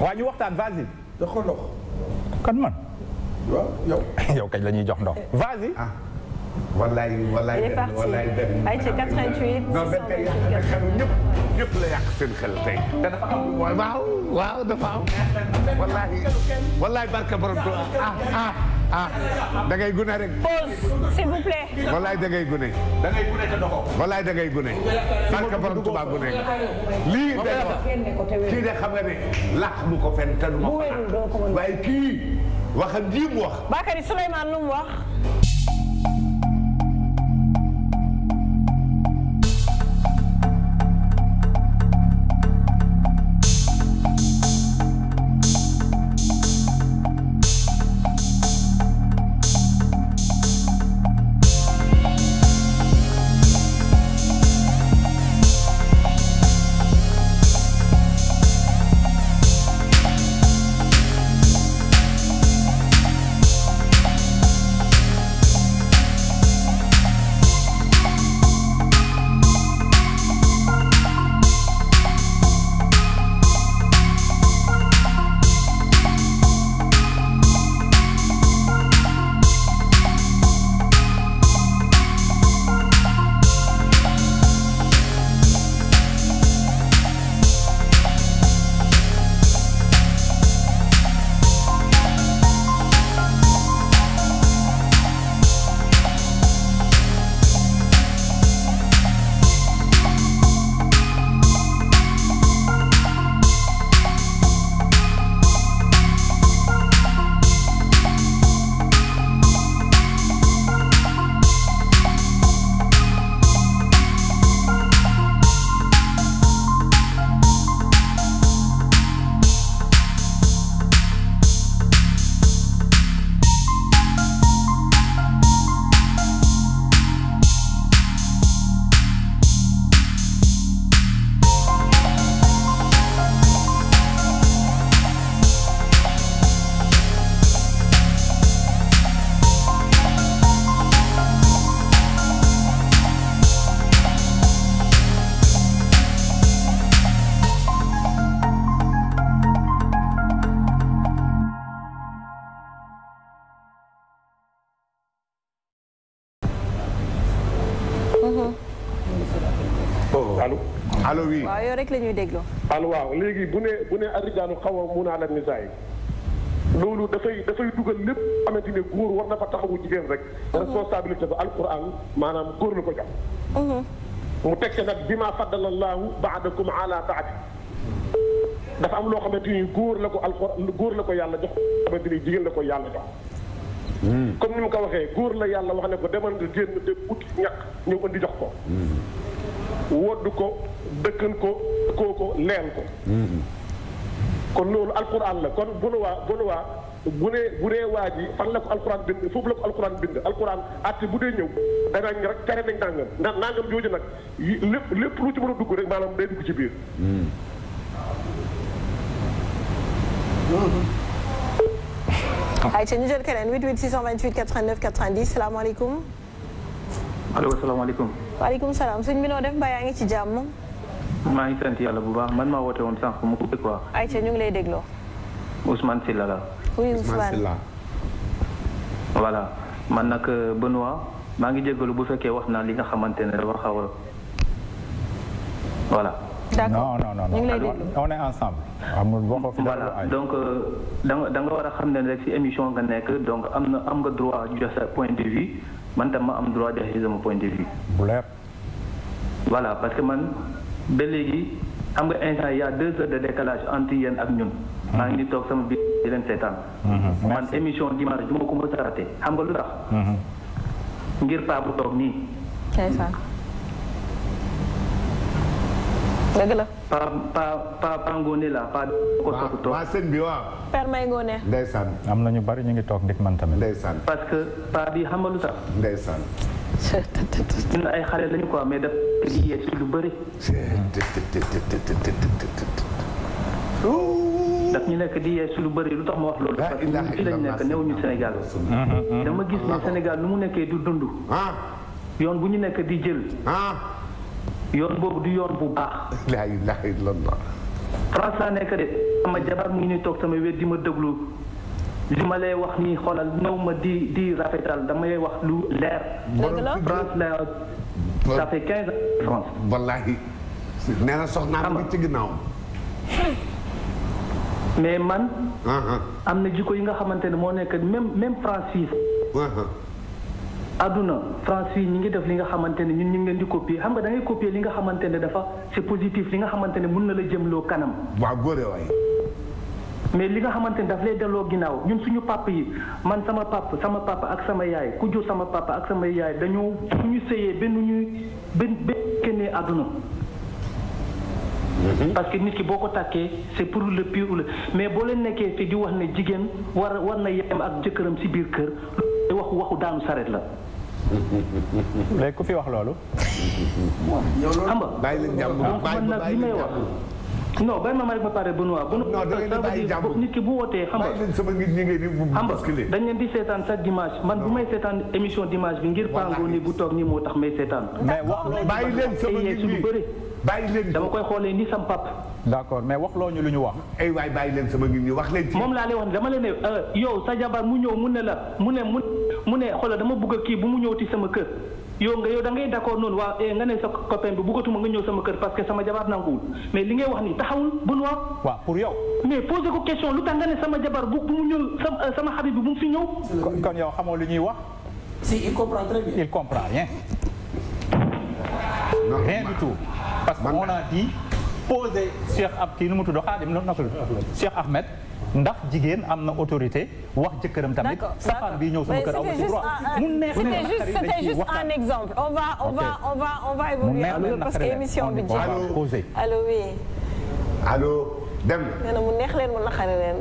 waa ñu waxtaan vas-y. jox ko ndox. kan man. waaw yow. yow kañ la ñuy jox ndox. Eh. wallaay wallaay benn wallaay benn ay ci 88. non benn tey yàq na xelu ñëpp ñëpp la yàq seen xel tey. te dafa am waaw waaw dafa am. wallaay wallaay barka borom ah ah ah da ngay gune rek. pause s'il vous plaît. wallaay da ngay gune. da ngay gune te doxoo. wallaay da ngay gune. barka borom Tuubaa gune. lii de kii de xam nga ne làq mu ko fenn te du ma ko waaye kii waxam ji mu wax. Bakary Souleymane lu mu wax. oui waaw yow rek la déglu. al waaw léegi bu ne bu ne arrijaanu xaw a mun a alal nisaa yi loolu dafay dafay dugal lépp xamante ne góor war na fa taxawu jigéen rek. Mhm. responsabilité ba alquran maanaam góor la ko jox. Mhm. mu teg ca nag bi ma faddalallahu baadakum ala baad dafa am loo xamante ni góor la ko alquran góor la ko yàlla jox xamante ni la ko yàlla jox. Hmm. comme ni mu ko waxee góor la yàlla wax ne ko demal nga génn dem uti ñàkk ñëw andi jox ko. Hmm. wodd ko dëkkan ko koo ko ko kon loolu alquran la kon bonuwaa bonuwaa bu nee bu dee waa ji fan la ko alquran bind foofu la ko alquran bind alquran àtte bu dee ñëw danañ rek tere nañ nàngam ndax nàngam jooju nag lépp lépp lu ci mën a dugg rek maanaam day dugg ci biir ay ca ñu jël keneen 88 628 89 90 salaamaaleykum allo salaamaaleykum waaleykum salaam sëñ bi noo def mbaa yaa ngi ci jàmm. maa ngi sant yàlla bu baax man maa woote woon sànq mu coupé quoi. ayca ñu ngi lay dégloo. Ousmane si la. la Ousmane man nag euh, Benoît maa ngi jégalu bu fekkee wax naa li nga xamante ne dafa xaw a voilà. d'accord non non non on est ensemble. donc euh, da nga da nga war a xam ne rek si émission nga nekk donc am na am nga droit joxe point de vue. man tam ma am droit joxe ci sama point de vie bu leer. voilà parce que man ba léegi xam nga instant y' deux heures de décalage entre yéen ak ñun. maa ngi toog sama biir di leen seetaan. Mhm. man émission dimanche du ma ko mos a raté xam nga lu tax. Mhm. ngir paa bu toog nii. dëgg la. pa pa pa Ngone la pa. waaw seen bi waaw. Père May Ngone. am na ñu bari ñu ngi toog ndik man tamit. ndeysaan. parce que pa bi xamalu sax. ndeysaan. ñun ay xale lañu quoi mais daf liggéey lu bëri. daf nekk di yeesu lu bëri lu tax ma wax loolu. parce que ñun fii lañu nekk mhm. ah. mu nekkee du dund. Ah. yoon bu ñu nekk di jël. Ah. yoon boobu du yoon bu baax. la ilaha illallah. France laa nekk de sama jabar mu ngi nii toog sama wér di ma déglu li ma lay wax nii xoolal ñëw ma di di rafetal damay wax lu leer. dëgg la France laa ça fait quinze ans France. wallaahi nee na soxnaam bi ci ginnaaw. mais man. Uh-huh. am na jikko yi nga xamante ne moo nekk même même France fii. Uh-huh. àdduna France fii ñi ngi def li nga xamante ne ñun ñu ngi leen di copier xam nga da ngay li nga xamante ne dafa c'est positif li nga xamante ne mun na la jëmloo kanam. waa góore waay. mais li nga xamante ne daf lay delloo ginnaaw ñun suñu pàpp yi man sama pap sama pap ak sama yaay ku jur sama pap ak sama yaay dañoo suñu sëyee benn ñuy benn benn kennee àdduna. Mm-hmm. parce que nit ki boo ko takkee c'est pour le pire mais boo leen nekkee fi di wax ne jigéen war war na yem ak jëkkëram ci biir kër. wax waxu daanu saret la. léegi ku fi wax loolu. xam nga bàyyi leen jàmm bàyyi bàyyi leen jàmm non bàyyi ma may ba pare Benoît. non da ngeen di bàyyi jàmm nit ki bu wootee xam nga. bàyyi leen sama di dañ leen di seetaan chaque dimanche man bu may seetaan émission dimanche bi ngir pangoo ni bu toog nii moo tax may seetaan. mais wax bàyyi leen sama nit ñi bàyyi dama koy xoolee ni sam pap d' accord mais wax loo ñu lu ñu wax. ay waay bàyyi leen sama wax leen. ci moom laa lay wax dama leen ne euh, yow sa jabar mu ñëw mu ne la mu ne mu ne xoolal dama bëgg a kii bu mu ñëw ci sama kër. yow nga yow da ngay d'accord noonu waaw eh, nga ne sa copain bi bëggatuma nga ñëw sama kër parce que sama jabar nanguwul mais li ngay wax nii taxawul bun waaw waaw pour yow mais posé ko question lu tax nga ne sama jabar bu bu mu ñëw euh, sama xarit bi bu mu fi ñëw kon yow xamoo lu ñuy wax si il comprend très bien posé Cheikh ab kii nu mu tudd xaadim na Cheikh Ahmed ndax jigen amna autorité wax jëkkëram tamit safaan bi ñëw sama kër aw ci droit mu neex leen juste c'était juste un exemple on va on va on va on va évoluer parce que émission bi jeex allô allô oui allô dem nee na mu neex leen mu naxare leen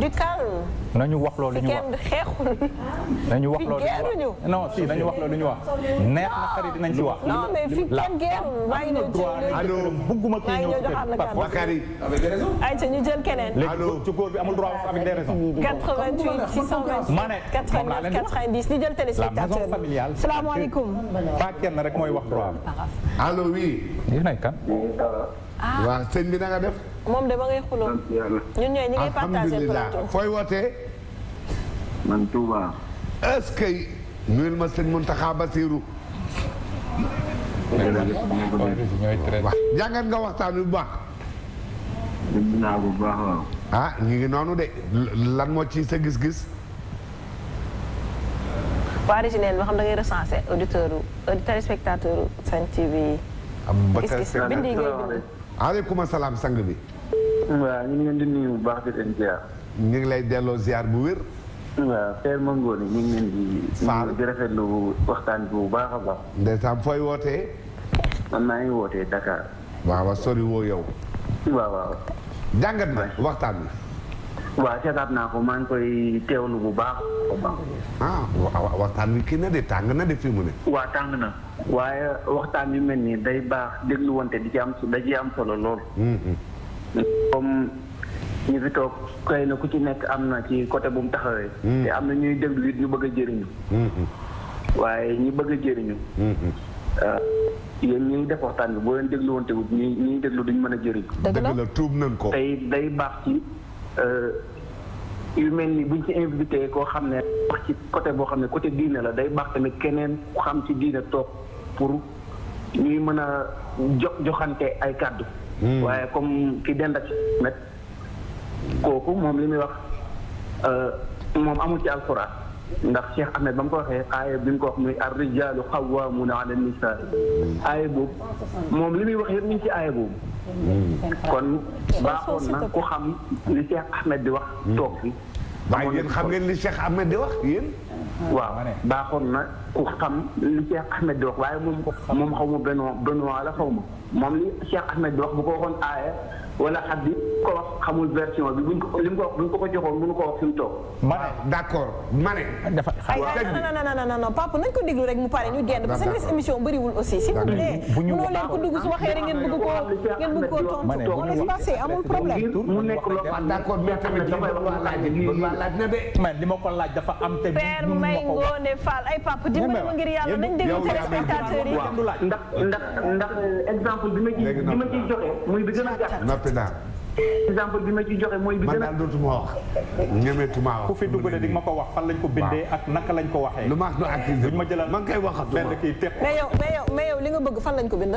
du calme. nañu wax loolu ñu wax kenn xeexul. nañu wax loolu ñu wax non si nañu wax loolu ñu wax. neex na xarit dinañ ci wax. non mais fi kenn geerul maa ngi ñëw ci ñëw bugguma kii ñëw ci ñu jël keneen. allo ci góor bi amul droit wax avec des raisons. 88 628 89 90 ñu jël téléspectateur bi salaamaaleykum. pas kenn rek mooy wax droit. allo oui. yéen ay kan. Ah. waaw sëñ bi na nga def. moom de ba ngay xuloo ñun ñooy ñi ngay partagé plateau fooy wootee. man Touba. est-ce que nuyul ma sëñ Mountakha Bassirou. jàngat nga waxtaan bu baax. dégg naa bu baax waaw. ah ñu ngi noonu de lan moo ci sa gis-gis. waa Réginelle loo xam da ngay recensé auditeurs yi téléspectateurs Sen TV yi. am ba téléspectateur aleykum salaam sang bi. waaw ñu ngi leen di nuyu bu baax di leen ñu ngi lay delloo ziar bu wér. waaw Père Mangone ñu ngi leen di. Fall di rafetlu waxtaan bi bu baax a baax. ndeysaan fooy wootee. man maa ngi wootee Dakar. waaw sori woo yow. waaw waaw. jàngat na waxtaan bi. waaw seetaat naa ko maa ngi koy teewlu bu baax ah, waxtaan wi kii na de tàng na de fi mu ne. waaw tàng na. waaye waxtaan yu mel nii day baax dégluwante di ci am da ci am solo lool. Mm-hmm. comme ñu fi toog xëy na ku ci nekk am na ci côté bu mu taxawee. Hmm. te am na ñuy déglu it ñu bëgg a jëriñu. Hmm. waaye ñi bëgg a jëriñu. Hmm. Ah, yéen ñuy def waxtaan bi boo leen déglu woon te wut ñuy déglu duñ mën a jëriñ. dëgg la tuub nañ ko. tey day baax ci ah, yu mel ni buñ ci invité koo xam ne wax ci côté boo xam ne côté diine la day baax tamit keneen ku xam ci diine toog pour ñuy mën a jox joxante ay kàddu. Hmm. waaye comme ki dend ak moom li muy wax euh, moom amul ci alxuraan ndax Cheikh Ahmed ba mu ko waxee aaya bi mu ko wax muy ar rijaalu xawaamuuna ala nisaa aaya boobu moom li muy wax yëpp ñu ci aaya boobu hmm. kon baaxoon na ku xam li Cheikh Ahmed di wax hmm. toog bi waaye yéen xam ngeen li Cheikh Ahmed di wax yéen waaw baaxoon na ku xam li Cheikh Ahmed di wax waaye moom moom xaw ma Benoît Benoît la xaw ma moom li Cheikh Ahmed di wax bu ko waxoon aaya wala at bi ko wax xamul version bi buñ ko li mu ko wax buñ ko ko joxoon mënu ko wax fi mu toog. ma ne d' accord ma ne. dafa ay non non non non papa nañ ko déglu rek mu pare ñu génn parce que seen émission bëriwul aussi. s'il vous plaît mënoo leen ko dugg su waxee rek ngeen bëgg koo ngeen bëgg koo tontu on laisse passer amul problème. mu nekk loo xam ne d' accord mais tamit li ma ko laaj li ma laaj na de. man li ma ko laaj dafa am te. père Mbaye Ngoné Fall ay papa dimbali ma ngir yàlla nañ déglu téléspectateurs yi. ndax ndax ndax exemple bi ma ciy joxe muy bi gën a gàtt jàppe naa. exemple bi ma ci joxe mooy. bi gën a man daal dootuma wax. ñemeetuma wax. ku fi dugalee di ma ko wax fan lañ ko bindee ak naka lañ ko waxee. lu ma ak du accusé ma jëlal man kay waxatuma. mais yow mais yow mais yow li nga bëgg fan lañ ko bind.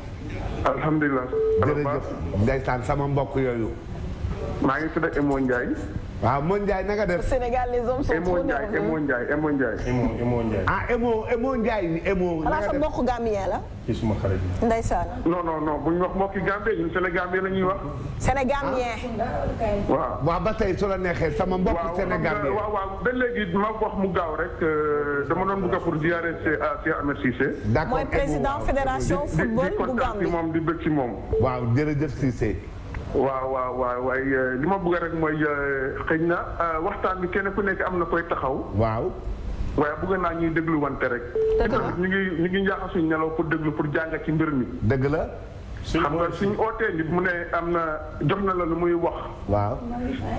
alhamdulilah. jërëjëf ndeysaan sama mbokk yooyu. maa ngi tudd Emo Ndiaye. waaw Emo Ndiaye na nga def. Sénégal les hommes sont trop nerveux. Emo Ndiaye Emo Ndiaye Emo Ndiaye. ah Emo Emo Ndiaye Emo. na nga def xanaa sa mbokku Gambien la. ci suma xarit bi. ndeysaan. non non non bu ñu wax mbokki Gambien ñun Sénégambien la ñuy wax. Sénégambien. waaw. Ah. waaw ba tey su la neexee sama mbokku Sénégambien. waaw waaw ba léegi ma wax mu gaaw rek euh, dama doon bëgg pour ziare Cheikh ah, Ahmed Cissé. d'accord mooy président fédération football bu Gambie di kontaan ci moom di bëgg ci moom. waaw jërëjëf Cissé. waaw waaw waaw waaye euh, li ma bëgg rek mooy euh, xëy na euh, waxtaan bi kenn ku nekk am na koy taxaw. waaw. waaye bëgg naa ñuy déglu wante rek. dëgg ñu ngi ñu ngi njaaxal suñu nelaw pour déglu pour jàngat ci mbir mi. dëgg la. xam nga suñu ootee nit mu ne am na jox na la lu muy wax. waaw.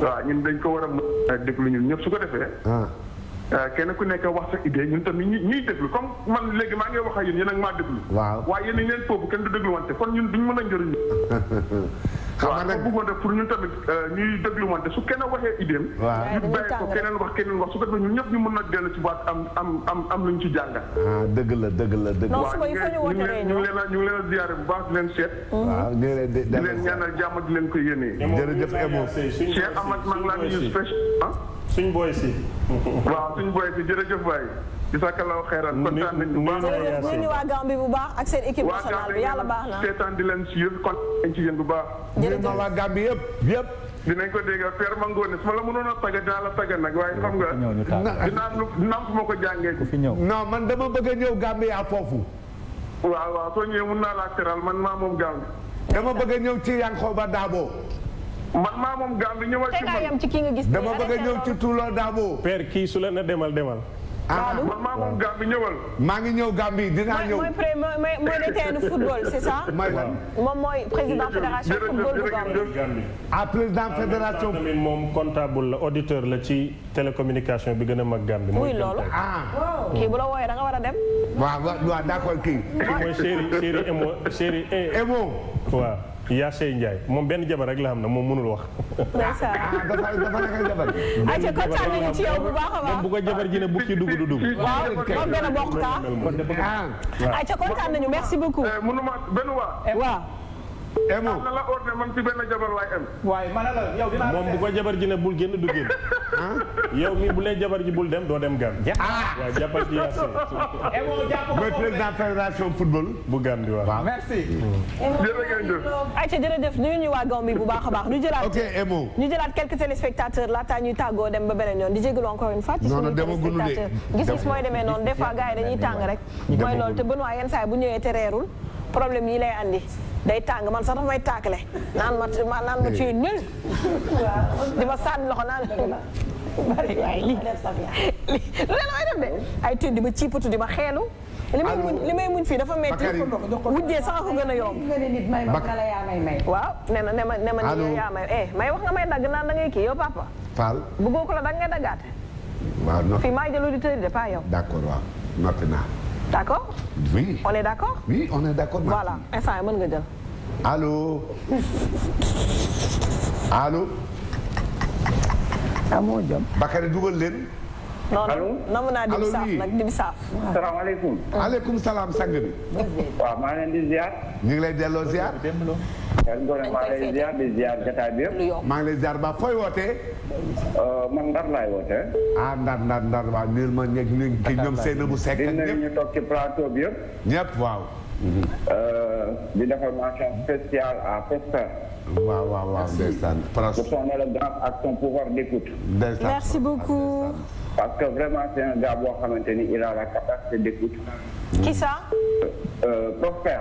waaw ñun dañ ko war a déglu ñun ñëpp su ko defee. Ah. kenn ku nekk wax sa idée ñun tamit ñi ñuy lu comme man léegi maa ngi wax ak yéen yéen ak maa déglu. waaw waaye yéen a ngi foofu kenn du déglu wante kon ñun duñ mën a njëriñ. xam nga bëggoon def pour ñun tamit euh, ñuy dégluwante su kenn waxee idéem ñu bàyyi ko keneen wax keneen wax su ko defee ñun ñëpp ñu mën a dellu ci baat am am am am ci jàngat ah, dëgg la dëgg la dëgg la ñu ngi leen a ñu ngi leen a bu baax di leen seet mhm. waaw ñu leen di leen ñaanal leen ko yéenee jërëjëf Emo Cheikh Amath maa ngi laa nuyu spécial suñ booy ah? si waaw suñ booy si jërëjëf waay jazakallahu khairan kontaan nañ baax ñu ni waa Gambie bu baax ak seen équipe nationale bi yàlla baax na di leen si yéen kontaan ci yéen bu baax ñu na waa Gambie yëpp dinañ ko dégg père Mangone su ma la mënoon a tagga dinaa la tagga nag waaye xam nga dinaa dinaa ko jàngee ku non man dama bëgg a man dama bëgg Dabo man maa moom Gambie ñëwal ci man dama bëgg ci Tulo Dabo père kii su la na demal demal ah man maa moom Gambie ñëwal. maa ngi ñëw Gambie dinaa ñëw. mooy mooy mooy DTN football c'est ça. moom mooy président fédération football bu ah, comptable la auditeur la ci télécommunication bi gën a mag Gambie. muy loolu ah. kii bu la wooyee da nga a dem. waaw waaw d'accord kii. mooy chéri chéri Emo chéri. E. Emo waaw. Yaasé Ndiaye moom benn jabar rek la xam ne moom mënul wax. ndeysaan ah, dafa dafa nekk jabar. a baax. bu jabar ji ne bu ci dugg du dugg. waaw moom benn bokk kaa. Ah. ayca kontaan eh, waa. Eh, emo am la ordre man ci benn jabar laay waaye ma ne la yow moom bu ko jabar ji ne bul génn du génn. Ah? yow mii bu lee jabar ji bul dem doo dem gan. Ah! waaw jàppal ci yaas emo jàpp ko bu gan di waaw merci. jërëjëf ayca jërëjëf nuyu ñu waa Gambie bu baax baax. ñu jëlaat ok emo ñu jëlaat quelques téléspectateurs laataa ñuy tàggoo dem ba beneen yoon di jégalu encore une fois. ci suñu téléspectateur gis-gis mooy demee noonu des fois gars tàng rek. mooy loolu te Benoît yenn saa bu ñëwee te reerul problème yi lay andi day tàng man sax dafa may taakale naan ma naan ma ciy nul di ma sànni loxo naan bari waay la may def de ay tudd ma ciipatu di ma xeelu li may muñ li may muñ fii dafa metti wujjee sax ko gën a yomb waaw nee na ne ma ne ma ni yaa may eh may dagg naan da ngay kii yow papa Fall bëggoo ko la da ngay daggaate waaw fii maa jël de pas yow D'accord Oui. On est d'accord Oui, on est d'accord. Voilà, Allô Allô non ah, Bakary Allô? non non non non non non non non non non, non, non, non, non, non, man ndar laay woote. ah ndar ndar ndar waaw niir ma ñeg ñu ñoom seen bu sekk ak ñëpp ñu toog ci plateau bi yëpp. ñëpp waaw. di defal mention spéciale à Pester. waaw waaw waaw ndeysaan. pour son élégance ak son pouvoir d'écoute. ndeysaan merci beaucoup. parce que vraiment c'est un gars boo xamante ni il a capacité d'écoute. qui ça. Prosper.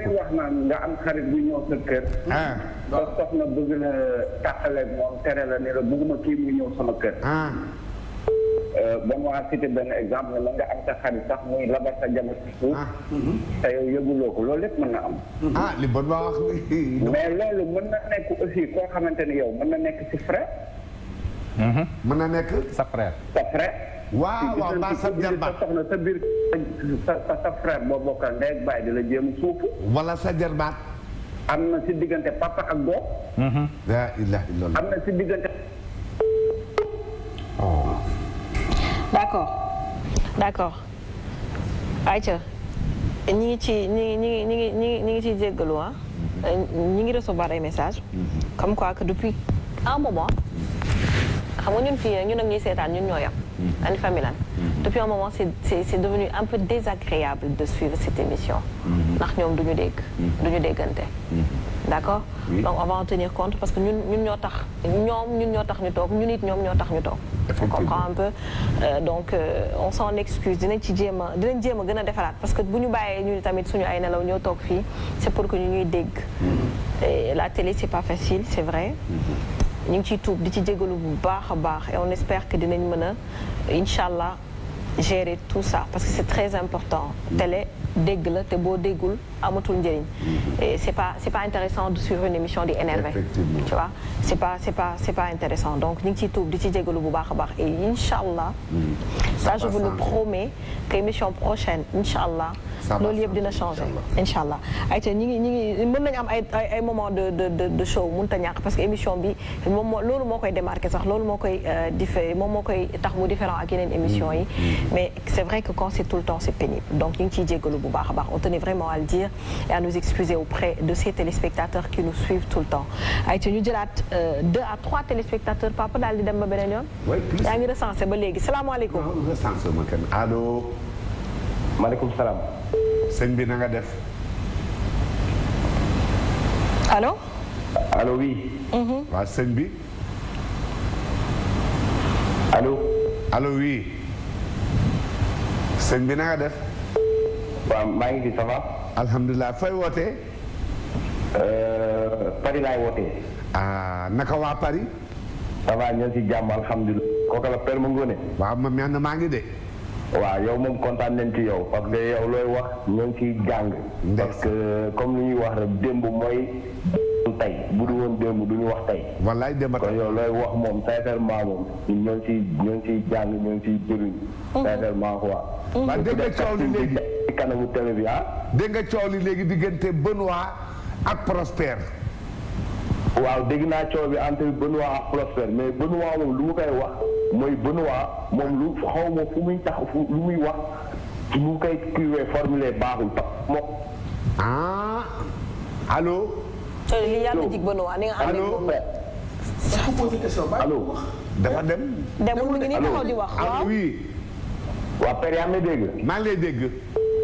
ñuy wax naan nga am xarit bu ñëw sa kër. ah ba soxna bëgg la tàqale moom tere la ne la bëgguma kii mu ñëw sama kër. ah. Euh, ba mu waa cité benn exemple la nga am sa xarit sax muy labar sa jabar ci suuf. Ah. Mhm. te yow yëguloo ko loolu lépp mën na am. Mhm. ah li bon wax. mais loolu mën na nekk aussi koo xamante ni yow mën na nekk si frère. Mhm. mën na nekk sa frère. sa frère. waaw waaw maa sa jarbaat soxna sa biir sa sa baay di la jéem wala sa jarbaat. am na si diggante papa ak doom. Mm-hmm. la ilaha illallah. am na si diggante. Oh. d'accord d'accord ayca ñi ngi ci ñi ngi ñi ngi ñi ngi ñi ngi ciy jéggalu ah. ñi ngi recevoir ay message mm-hmm. comme quoi que depuis un moment. depuis un moment c'est devenu un peu désagréable de suivre cette émission mm-hmm. mm-hmm. mm-hmm. d'accord donc on va en tenir compte parce que nous sommes en tax on un peu euh, donc euh, on s'en excuse parce que si nous a tamit c'est pour que nous nous la télé n'est pas facile c'est vrai nous ngi des petits di ci jégalu bu baax et on espère que dinañ mën a incha gérer tout ça parce que c'est très important télé dégg la te boo déggul amatul njëriñ mm-hmm. et c'est pas c'est pas intéressant de suivre une émission des énervé tu vois c'est pas c'est pas c'est pas intéressant donc n'y ngi tout, di ci jégalu bu et inshallah mm-hmm. ça je vous le promets que l'émission prochaine inshallah allah loolu de dina changer inshallah allah ni ñi ngi ni ngi mën nañu am moment de de de show mënut parce que émission bi moom loolu moo koy démarqué sax loolu moo koy euh, diffé moom tax mu différent ak émission yi mm-hmm mais c'est vrai que quand c'est tout le temps c'est pénible donc on tenait vraiment à le dire et à nous excuser auprès de ces téléspectateurs qui nous suivent tout le temps ay nous ñu euh, deux à trois téléspectateurs papa rapport di Oui, ba beneen yoon yaa ngi c'est ba léegi salaamaaleykum recensé ma kenn allo maaleykum salam, sëñ bi oui mm-hmm. waaw Allô bi Allô? Allô, oui sëñ bi na def. maa ngi fi ça va. alhamdulilah fay wootee. Euh, Paris laay wootee. ah naka waa Paris. ça va ñu si jàmm alhamdulilah. kooku la Père Mangone. waaw maa ngi de. waaw yow moom kontaan nañ ci yow parce yow looy wax ñoo ngi ciy jàng. parce que comme li ñuy wax démb mooy. tey bu du woon démb du ñu wax tey. wallaay démb kon yow looy wax moom sincèrement moom ñun ñoo ngi ciy ñoo ngi ciy jàng ñoo ngi ciy jëriñ. Mhm. sincèrement quoi. Mhm. waaw dégg nga coow li léegi ci kanamu télé bi ah. dégg nga coow li léegi diggante Benoît ak Prospère. waaw dégg naa coow bi entre Benoît ak Prospère mais Benoît moom lu mu koy wax mooy Benoît moom lu xaw ma fu muy tax fu lu muy wax lu mu koy kiiwee formulé baaxul tax moom. ah allo. li yàlla jig ba noonu ni nga xam ne moom allo dafa dem. demul mu ngi nii taxaw di wax ah, waaw. waaw Père yaa ngi lay dégg. maa ngi lay dégg.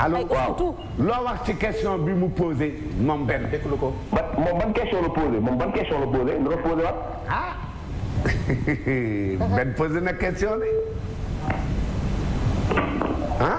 allo waaw loo wax ci question bi mu posé mon Ben. Mon ko. ban question la posé mon ban question la posé nga posé waat. ah Ben posé une question hein?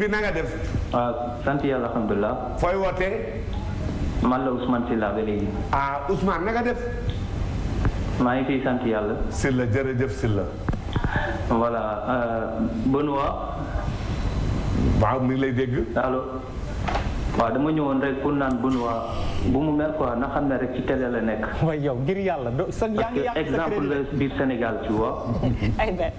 bi na nga def. waaw ah, sant yàlla alhamdulilah. fooy wootee. man la Ousmane Sylla ba léegi. ah Ousmane na nga def. maa ngi fiy sant yàlla. Sylla jërëjëf Sylla. voilà euh, Benoît. waaw mi ngi lay dégg. waaw dama ñëwoon rek pour naan bu Benoît bu mu mer quoi na xam ne rek ci télé la nekk. waaye yow ngir yàlla do sa exemple la biir Sénégal tu vois. ay benn.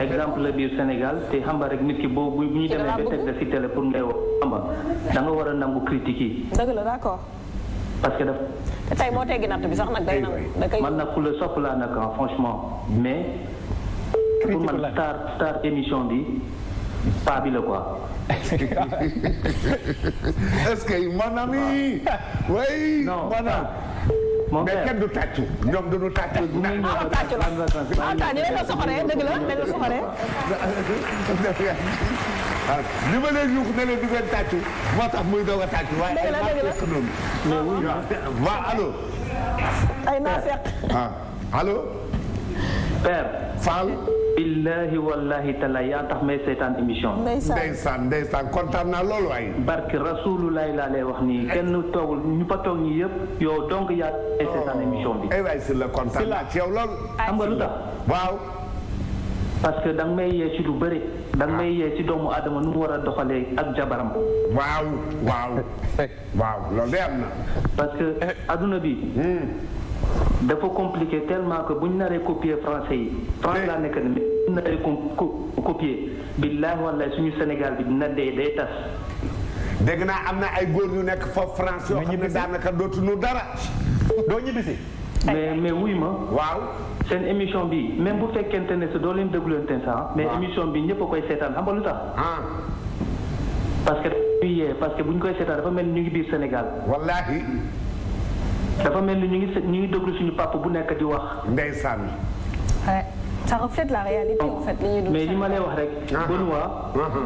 exemple la biir Sénégal te xam nga rek nit ki boo bu ñu demee ba teg la si pour ngay wax xam nga danga war a nangu critique yi. dëgg la d'accord. parce que daf. te tey moo teggi natt bi sax nag day nangu. man nag ku la sopp laa nag ah, franchement mais. critique pour man star star émission bi. paa bi la quoi. est-ce que mon ami. oui mon ami. moom mais kenn du tàccu. ñoom du ñu tàccu. ah tàccu la ah tàccu la soxoree dëgg la dañ la soxoree. li ma leen yuux ne leen du ngeen tàccu moo tax muy doog a tàccu. waaye ay naafeq ah, ah. waa allo. ay naafeq. ah allo. père Fall. billahi wallahi taala yaa tax may seetaan émission. ndeysaan ndeysaan kontaan naa loolu waay. barke rasulullahi laa la lay wax nii kenn toogul ñu fa toog ñi yëpp yow donc yaa may seetaan émission bi. Oh. ay waay si la kontaan naa ci yow lool. xam nga lu tax waaw. parce que danga may yee ci lu bëri. da may yee ci doomu Adama nu mu war a doxalee ak jabaram. waaw waaw. loolu de am na. parce que adduna bi. Hmm. dafa compliqué tellement que bu ñu naree copier français yi. France la nekk nii bu ñu naree copier billaahi wallahi suñu Sénégal bi dina dee day tas. dégg naa am na ay góor ñu nekk foofu France yoo xam ne daanaka dootuñu dara. doo ñibbisi. mais mais wuy ma. waaw. seen émission bi même bu fekkente ne sa doo leen dégluwante sax. mais émission bi ñëpp a koy seetaan xam nga lu tax. Ah. parce que parce que buñ ñu koy seetaan dafa mel ni ñu ngi biir Sénégal. wallahi. dafa mel ni ñu ngi ñu ngi déglu suñu papa bu nekk di wax. ndeysaan. ça reflète la réalité en fait. mais li ma lay wax rek. Ah. Benoît. Ah.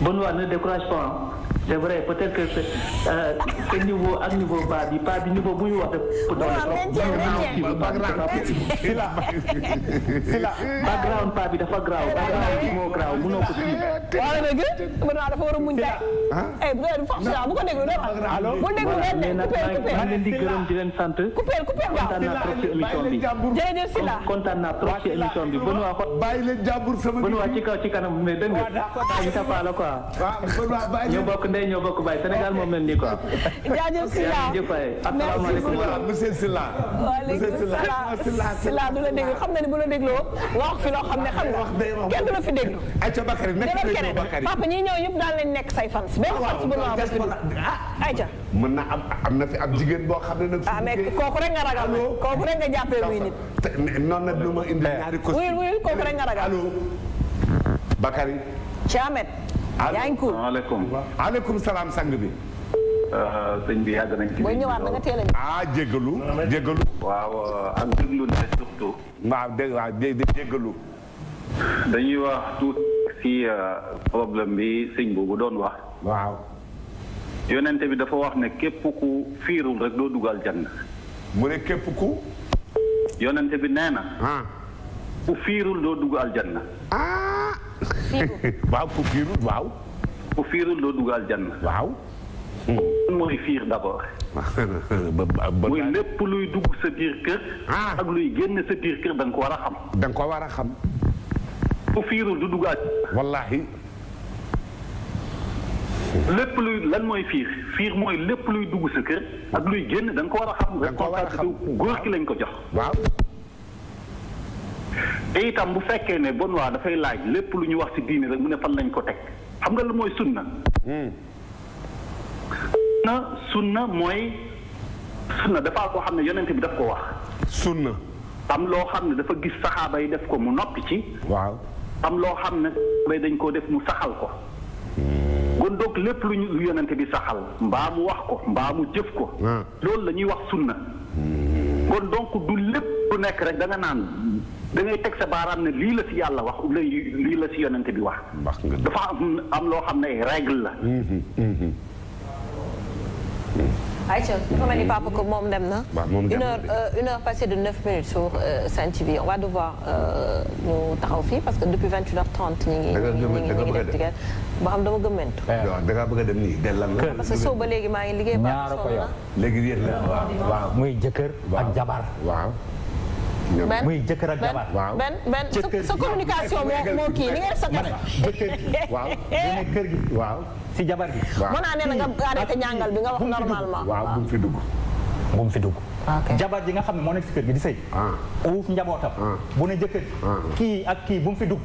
Benoît ne décourage pas. c'est vrai peut-être que ce euh, niveau ak niveau bas bi pas bi niveau bu ñu wax def. background paa bi dafa bi moo graaw mënoo ko suivre. waaw dëgg gouvernement dafa war a mu tey. ah eh, bu doon force bu ko déglu doo xam. allo bu déglu ngeen de coupé coupé. maa ngi leen di gërëm di leen sant. coupé coupé waaw kontaan naa trop ci émission bi. jërëjëf Sylla kontaan naa trop ci émission bi Benoît. bàyyi leen jàmbur sama. Benoît ci kaw ci kanam mais dégg nga. ñu tapaala ndey ñoo bokk baay Sénégal moom mel nii quoi. jaajëf Sila asalaamaaleykum monsieur Sila. monsieur Sila waaleykum salaam Sila du la déglu xam na ni bu la dégloo nga wax fi loo xam ne xam nga kenn du la fi déglu. ayca Bakary nekk nañu Bakary papa ñi ñëw yëpp daal leen nekk say fans. benn fans bu ma wax ah ayca. mën na am am na fi ab jigéen boo xam ne nag. ah mais kooku rek nga ragal kooku rek nga jàppee muy nit. te noonu nag lu ma indi eh. ñaari. wuyul wuyul kooku rek nga ragal allo Bakary. Thiamet. aleykum aleykum salaam sang bi. Euh, sëñ bi yàgg na nga dañuy wax tuuti ci euh, problème bi sëñ boobu doon wax. waaw. yonent bi dafa wax ne képp ku fiirul rek doo dugal janna. mu ne képp ku. yonent bi nee na. Ah. ku fiirul doo aljanna. ah. waaw ku fiirul waaw. ku fiirul loo dugal jann waaw. Hmm. mooy fiir d'abord. mooy lépp luy dugg sa biir kër. Ah. ak luy génn sa biir kër da nga ko war a xam. da nga ko war a xam. ku fiirul du dugal. wallaahi. lépp luy lan mooy fiir fiir mooy lépp luy dugg sa kër. ak luy génn da nga ko war a xam. da nga ko ki lañ ko jox. waaw. te itam bu fekkee ne bon waa dafay laaj lépp lu ñu wax ci diini rek mu ne fan lañ ko teg xam nga lu mooy na hmm. sun sunna mooy na dafa koo xam ne yonent bi daf ko wax na am loo xam ne dafa gis saxaaba yi def ko mu noppi ci waaw am loo xam ne bay dañ koo def mu saxal ko hmm. kon donc lépp lu ñu yonent bi saxal mbaa mu wax ko mbaa mu jëf ko ah. loolu la ñuy wax sunna hmm. kon donc du lépp lu nekk rek da naan da ngay teg sa baaraam ne lii la si yàlla wax ou lii la si yonent bi wax. dafa am am loo xam ne ay règle la. Mm-hmm. Mm-hmm. Mm-hmm. ayca dafa mel ni papa ko moom dem na. une heure euh, une heure passée de neuf minutes sur euh, Sen TV on va devoir ñu euh, taxaw fii parce que depuis vingt et une heures trente ñu ngi. ñu ngi def ba xam dama gëmmentu. da ngaa bëgg a dem nii dellan la. parce que soo ba léegi maa ngi liggéey. ñaara ko yow léegi yéen la waaw. muy jëkkër ak jabar waaw. muy jëkkër ak jabar waaw ben sa communication moo kii ni ngeen sokkee jëkkër gi waaw ne kër gi waaw si jabar gi mën naa nee na nga arrêté ñàngal bi nga wax normalement waaw bu mu fi dugg bu mu fi dugg jabar ji nga xam ne moo nekk si kër gi di sëy uuf njabootam bu ne jëkkër kii ak kii bu mu fi dugg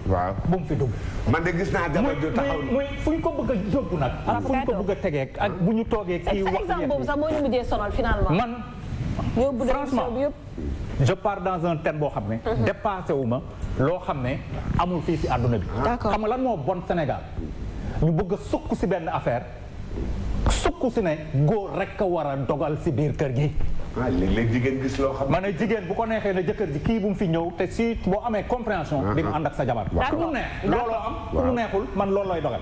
bu mu fi dugg man de gis naa jabar ju taxaw muy fu ko bëgg a jóbbu ak fu ko bëgg a ak bu ñu toogee wax exemple boobu sax moo ñu mujjee sonal finalement man yóbbu franchement je pars dans un terme boo xam mhm. dépassé wu ma loo xam amul fi ci aduna bi. xam nga lan mo bon Sénégal ñu bëgg a sukk si benn affaire sukk ci né go rek a wara dogal ci biir kër gi. ah léeg-léeg jigéen gis lo xam mané jigen bu ko nexé na jëkër ji ki bu mu fi ñëw té si bo amé compréhension. di mu ànd ak sa jabar. ku mu neex looloo am ku mu neexul man loolu lay dogal.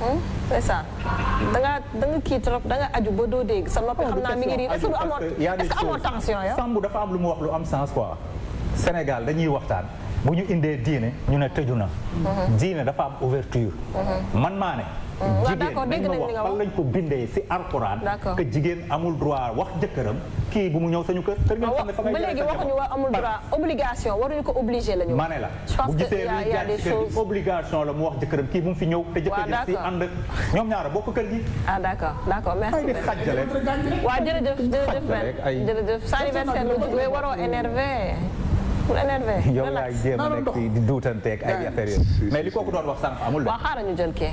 Hmm? c'est ça da nga da kii trop da nga aju doo dégg sama noppi oh, xam naa mi ngi est-ce que amoo est-ce dafa am lu mu wax lu am sens quoi Sénégal dañuy waxtaan bu ñu indee diine ñu ne tëju na hmm. diine dafa am ouverture hmm. man maa ne jigéen dañ ma wax fan lañ ko bindee si alxuraan que jigéen amul droit wax jëkkëram kii bu mu ñëw sañu kër kër ñoo xam ne fa ngay ba léegi waxuñu waa amul droit obligation waruñu ko obligé la ñu ma ne la bu gisee lu jaar ci kër gi obligation la mu wax jëkkëram kii bu mu fi ñëw te jëkkër si ànd ñoom ñaara bokk kër gi ah d'accord d'accord merci ay xajjale waa jërëjëf jërëjëf men jërëjëf sa anniversaire lu jug mais waroo énervé pour énervé yow laay jéem a nekk di duutanteeg ay affaire mais li kooku doon wax sànq amul de waa xaaral ñu jël kee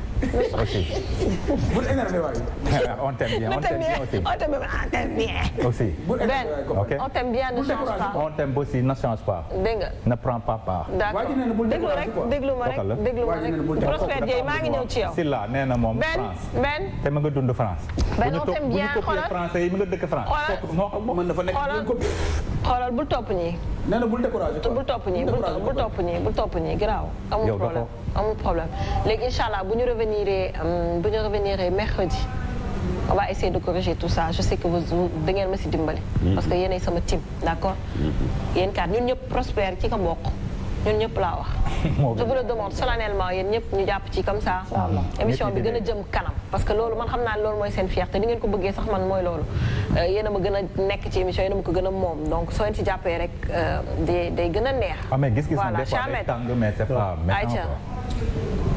aussi. bu énervé waay. on t'aime bien on t'aime bien aussi. on t'aime bien on t'aime bien. aussi. ok on t'aime bien ne change pas. on t'aime aussi ne change pas. dégg nga ne prends pas part. d'accord déglu rek déglu ma rek déglu ma rek. Prospère Dieye maa ngi ñëw ci yow. Silla nee na moom France. benn te ma nga dund France. benn on t'aime bien xoolal bu ñu copier français yi mu nga dëkk France. xoolal xoolal bul topp ñi. nee na bul découragé quoi bul topp ñi bul topp ñi bul topp ñi garaaw. amul problème amul problème léegi incha allah bu ñu revenir euh, bu ñu revenir mercredi. on va essayer de corriger tout ça je sais que vous da ngeen ma si dimbali. Mm-hmm. parce que yéenay sama team d' accord. Mm-hmm. yéen kat ñun ñëpp prospère ci ka bokk. ñun ñëpp laa wax. je vous le demande solennellement yéen ñëpp ñu jàpp ci comme ça. émission bi gën a jëm kanam. parce que loolu man xam naa ne loolu mooy seen fierté ni ngeen ko bëggee sax man mooy loolu euh, yéen a ma gën a nekk ci émission yéen ma ko gën a moom donc soo leen ci jàppee rek euh, day day gën a neex. Ah, voilà Chamet ayca.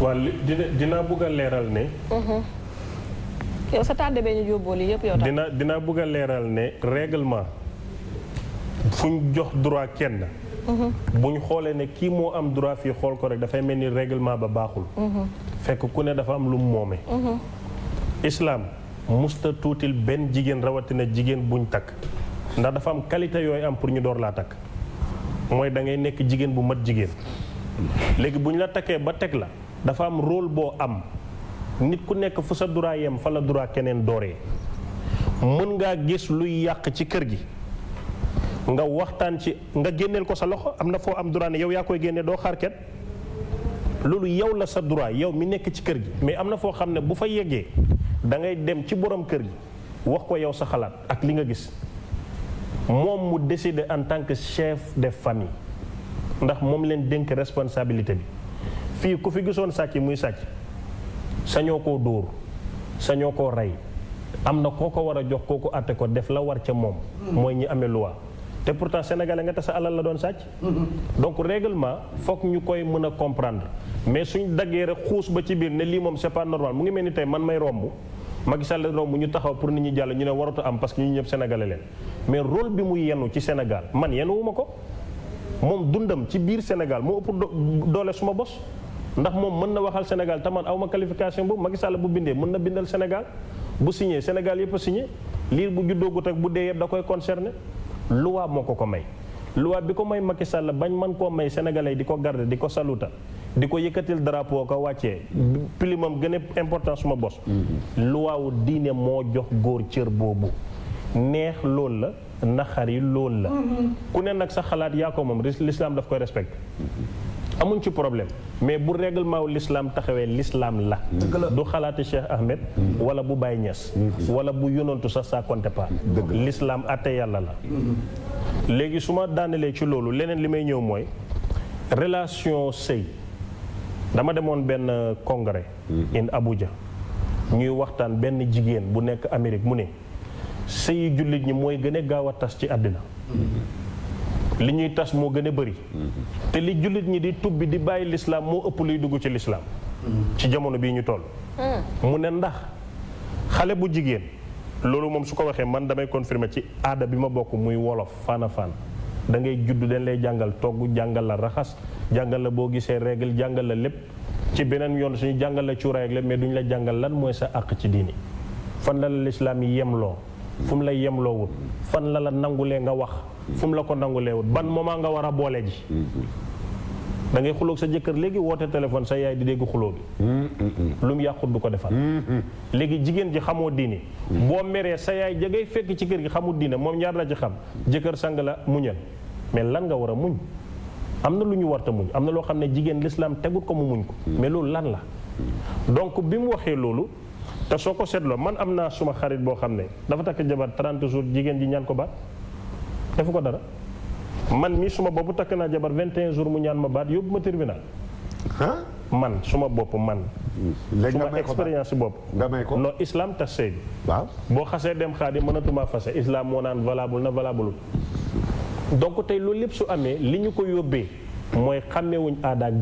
waaw dina dinaa bëgg a leeral ne. Mm-hmm. yow sa ñu yóbboo lii yëpp yow. dina dinaa bëgg a leeral ne règlement fuñ jox droit kenn. bu ñu xoolee ne kii moo am droit fii xool ko rek dafay mel ni règlement ba baaxul fekk ku ne dafa am lu mu moome islaam musta tuutil benn jigéen rawatina jigéen buñ takk ndax dafa am qualité yooyu am pour ñu door laa takk mooy da ngay nekk jigéen bu mat jigéen léegi bu ñu la takkee ba teg la dafa am rôle boo am nit ku nekk fu sa droit yem fa la droit keneen dooree mën ngaa gis luy yàq ci kër gi nga waxtaan ci nga génneel ko sa loxo am na foo am droit ne yow yaa koy génne doo xaar kenn loolu yow la sa droit yow mi nekk ci kër gi mais am na foo xam ne bu fa yeggee da ngay dem ci borom kër gi wax ko yow sa xalaat ak li nga gis moom mu décider en tant que chef de famille ndax moom leen dénk responsabilité bi fii ku fi gisoon sàcc muy sàcc sañoo ko dóor sañoo ko rey am na koo ko war a jox koo ko àtte ko def la war ca moom mooy ñi amee loi te pourtant sénégalais nga te sa alal la doon sàcc. Mm-hmm. donc règlement foog ñu koy mën a comprendre mais suñ daggee rek xuus ba ci biir ne lii moom c'est pas normal mu ngi mel ni tey man may romb. Macky Sall romb ñu taxaw pour nit ñi jàll ñu ne waratu am parce que ñu ñëpp sénégalais leen mais rôle bi mu yenu ci Sénégal man yenuwuma ko moom dundam ci biir Sénégal moo ëpp doole suma bos. ndax moom mën na waxal Sénégal te man aw ma qualification bu Macky Sall bu bindee mën na bindal Sénégal bu signé Sénégal yëpp a signé liir bu juddoogut ak bu dee da koy concerné. loi moo ko ko may loi bi ko may Macky Sall bañ man koo may sénégalais di ko garder di ko saluta di ko yëkkatil drapeau ko wàccee pilimam gën a important suma bos loi wu diine moo jox góor cër boobu neex loolu la na yi lool la mm-hmm. ku ne nag sa xalaat yaa ko moom l'islam daf koy respecté amuñ ci problème mais bu règlement wu l'islam taxawee lislaam la du xalaati Cheikh Ahmed wala bu Baye Niass wala bu yonantu sa ça compte pas l'islam atte yàlla la mm-hmm. léegi su ma daanelee ci loolu leneen li may ñëw mooy relation sëy dama demoon benn congrès mm-hmm. in Abuja ñuy waxtaan benn jigéen bu nekk Amérique mu ne sëyi jullit ñi mooy gën a gaaw a tas ci àddina mm-hmm. li ñuy tas moo gën a bëri mm-hmm. te li jullit ñi di tubbi di bàyyi lislaam moo ëpp luy dugg ci lislaam mm-hmm. ci jamono bii ñu toll mm. mu ne ndax xale bu jigéen loolu moom su ko waxee man damay confirmer ci aada bi ma bokk muy wolof fana fan da ngay judd den lay jàngal togg jàngal la raxas jàngal la boo gisee règle jàngal la lépp ci beneen yoon suñu jàngal la cuuraay mais duñ la jàngal lan mooy sa àq ci diini fan la la lislaam fum yemloo fu mu la fan la la nangulee nga wax fu mu la ko nanguleewut ban moment nga war a boole ji da ngay xuloog sa jëkkër léegi woote téléphone sa yaay di dégg xuloo bi lu mu yàqut du ko defal léegi jigéen ji xamoo diine boo meree sa yaay ja fekk ci kër gi xamul diine moom ñaar la ci xam jëkkër sang la muñal mais lan nga war a muñ am na lu ñu warta muñ am na loo xam ne jigéen lislaam tegut ko mu muñ ko mais loolu lan la donc bi mu waxee loolu te soo ko seetloo man am naa suma xarit boo xam ne dafa takk jabar 30 jours jigéen ji ñaan ko baat defu ko dara man mii suma bopp takk naa jabar 21 jours mu ñaan ma baat yóbbu ma tribunal man suma bopp man. suma expérience bopp. nga may ko non islam tas sëy bi. boo xasee dem xaadi mënatuma fase islam moo naan valable na valable donc tey loolu lépp su amee li ñu ko yóbbee mooy xàmmewuñ aada ak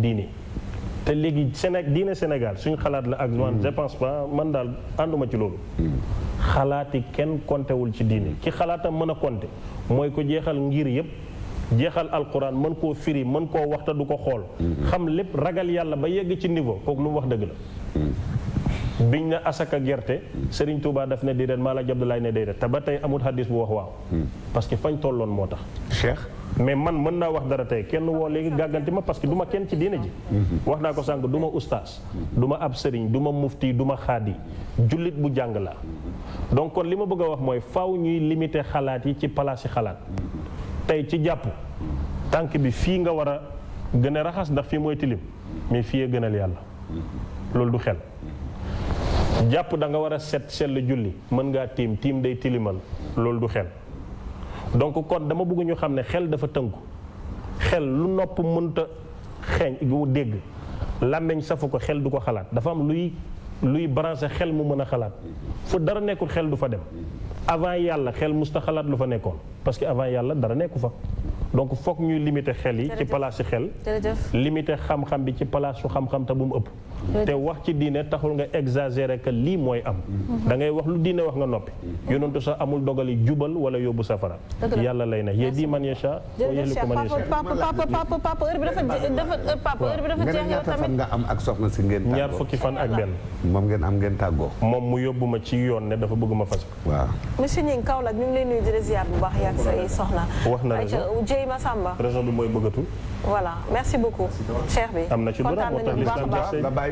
te léegi Séné diine Sénégal suñu xalaat la ak man mm. je pas man daal ànduma ci loolu. Mm. xalaati kenn kontewul ci diine ki xalaatam mën a konte mooy ko jeexal ngir yëpp. jeexal alquran mën koo firi mën koo waxta du ko xool mm-hmm. xam lépp ragal yàlla ba yegg ci niveau kooku lu mu wax dëgg la mm. biñ na asaka gerte Serigne Touba def ne déedéet maa la jabdalaay ne déedéet te ba tey amul hadis bu wax waaw parce que fañ tolloon moo tax Cheikh mais man mën naa wax dara tey kenn woo léegi gàgganti ma parce que du kenn ci diina ji wax naa ko sànq du ma ustaas duma ma ab sëriñ du ma mufti du ma xaadi jullit bu jàng la donc kon li ma bëgg a wax mooy faw ñuy limiter xalaat yi ci palaasi xalaat tey ci jàpp tànk bi fii nga war a gën a raxas ndax fii mooy tilim mais fii a gënal yàlla loolu du xel jàpp danga war a set sell julli mën ngaa tiim tiim day tilimal loolu du xel donc kon dama bëgg ñu xam ne xel dafa tënku xel lu nopp mënta xeeñ gu dégg làmmeñ safu ko xel du ko xalaat dafa am luy luy branché xel mu mën a xalaat fu dara nekkul xel du fa dem avant yàlla xel musta xalaat lu fa nekkoon parce que avant yàlla dara nekku fa donc foog ñuy limité xel yi ci palaasu xel limité xam-xam bi ci palaasu xam-xam te bu mu ëpp te wax ci diine taxul nga exagérer que li moy am mhm. da ngay wax lu diine wax nga noppi mhm. yonentu sa amul dogali jubal wala yóbbu safara yalla lay ne yedi man yasha wa yahliku man yasha papa papa papa papa heure bi dafa dafa euh, papa heure bi dafa jeex yow tamit nga am ak soxna ci ngeen tagu ñaar fukki fan ak ben mom ngeen am ngeen tagu mom mu yóbbu ma ci yoon ne dafa bëgguma ma fas wa monsieur ñing kaw Kaolack ñu ngi lay nuyu di ziar bu baax yaag say soxna wax na jey ma samba raison bi moy bëggatu voilà merci beaucoup cher bi amna ci dara moo tax l'islam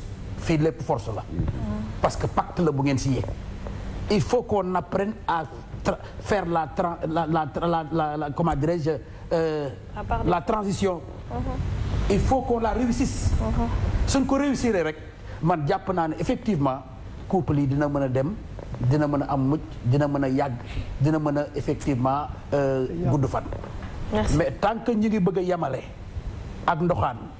fii force là parce que pacte la bu ngeen signé il faut qu'on apprenne à faire la tra la la la la la comment dirais-je euh, la transition uh-huh. il faut qu'on la réussisse uh-huh. suñ ko réussit rek man jàpp effectivement couple yi dina dem dina mën am mucc dina mën yag dina mën effectivement effectivement euh, gudd fan mais tant que ñi ngi bëgg yamalé ak ndoxane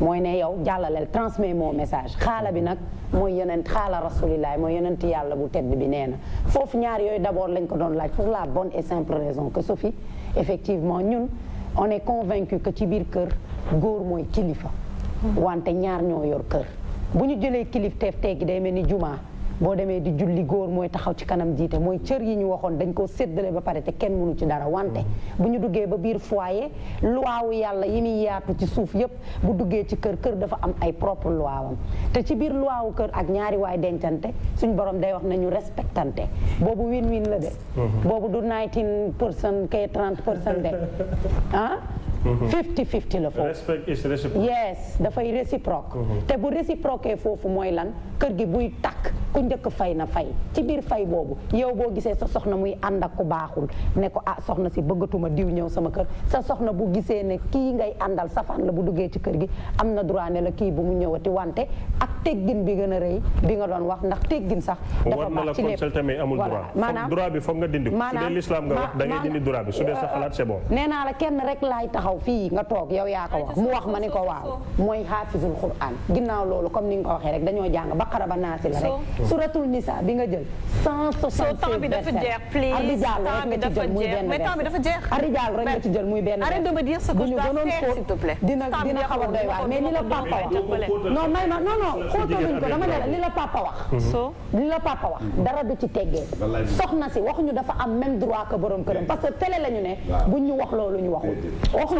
mooy ne yow jallalel transmet mon message khala bi nak moy yonent khala rasulillahi moy yonent yalla bu tedd bi nee na ñaar yoy d'abord lañ ko don laaj pour la bonne et simple raison que Sophie effectivement ñun on est convaincu que ci bir kër gor moy kilifa mm-hmm. wante ñaar ñoo yor kër buñu jëlé kilif tef teggi day melni djuma boo demee di julli góor mooy taxaw ci kanam jiite mooy cër yi ñu waxoon dañ koo séddale ba pare te kenn mënu ci dara wante bu ñu duggee ba biir foyer luwaawu yàlla yi muy yaatu ci suuf yépp bu duggee ci kër kër dafa am ay propre luwaawam te ci biir luwaawu kër ak ñaari waay dencante suñ borom day wax nañu respectante boobu win win la de mm-hmm. boobu du 19 pour cent kay 30 pour cent de ah 50-50 la foofu. respect is reciprocal yes dafay réciproque. Mm-hmm. te bu reciprocal fofu moy lan keur gi buy tak ku njëkk fay na fay ci bir fay bobu yow bo gisee sa soxna muy ànd ak ku baxul ne ko ah soxna si beugatuma diw ñew sama keur sa soxna bu gisee ne ki ngay àndal safaan la bu duggé ci keur gi amna droit ne la ki bu mu ñewati wante ak teggin bi gëna reey bi nga doon wax ndax teggin sax. dafa ma ci ne war na consulter mais amul droit. droit bi foog nga dindi ko. su dee l'islam nga wax da ngay dindi droit bi su dee sa xalat c'est bon. nee la kenn rek lay taxaw taxaw fii nga toog yow yaa ko wax mu wax ma ni ko waaw mooy xaafisul quran ginnaaw loolu comme ni nga ko waxee rek dañoo jàng baqara ba naasi la rek suratul nisa bi nga jël cent soixante temps bi dafa jeex please temps bi dafa jeex mais temps bi dafa jeex arijaal rek nga ci jël muy benn arrête de me dire ce que je dois faire s'il te plaît dina dina xaw a doy waar mais li la papa wax non may ma non non xóotaluñ ko dama ne la li la papa wax mm-hmm. li la papa wax dara du ci teggee soxna si waxuñu dafa am même droit que borom këram parce que télé la ñu ne buñ ñu wax loolu ñu waxul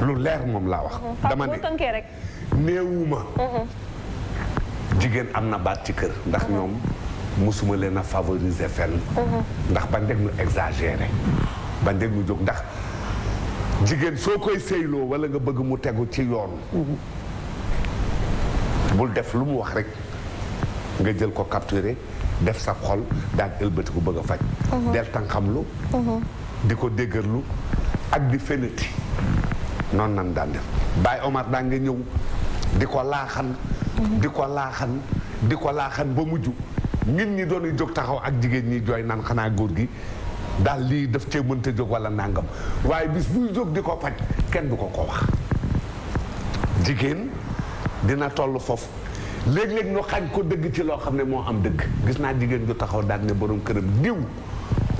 lu leer moom laa wax. dama ne néewuma. jigéen am na baat ci kër ndax ñoom mosuma leen a favoriser fenn. ndax ban dégg nu exagéré ban dégg nu jóg ndax jigéen soo koy sëyloo wala nga bëgg mu tegu ci yoon. Mm-hmm. bul def lu mu wax rek nga jël ko capturé def sa xol daal ëlbati ko bëgg a faj. Mm-hmm. del tànqamlu. Mm-hmm. di ko dégërlu ak di fenati noonu nan daal def Baye Omar daa nga ñëw di ko laaxan di ko laaxan di ko laaxan ba mujj nit ñi doon jóg taxaw ak jigéen ñi jooy naan xanaa góor gi daal lii daf cee mënta jóg walla nàngam waaye bis buy jóg di ko faj kenn du ko ko wax jigéen dina toll foofu léeg-léeg ñu xañ ko dëgg ci loo xam ne moo am dëkk gis naa jigéen ju taxaw daan ne borom këram diw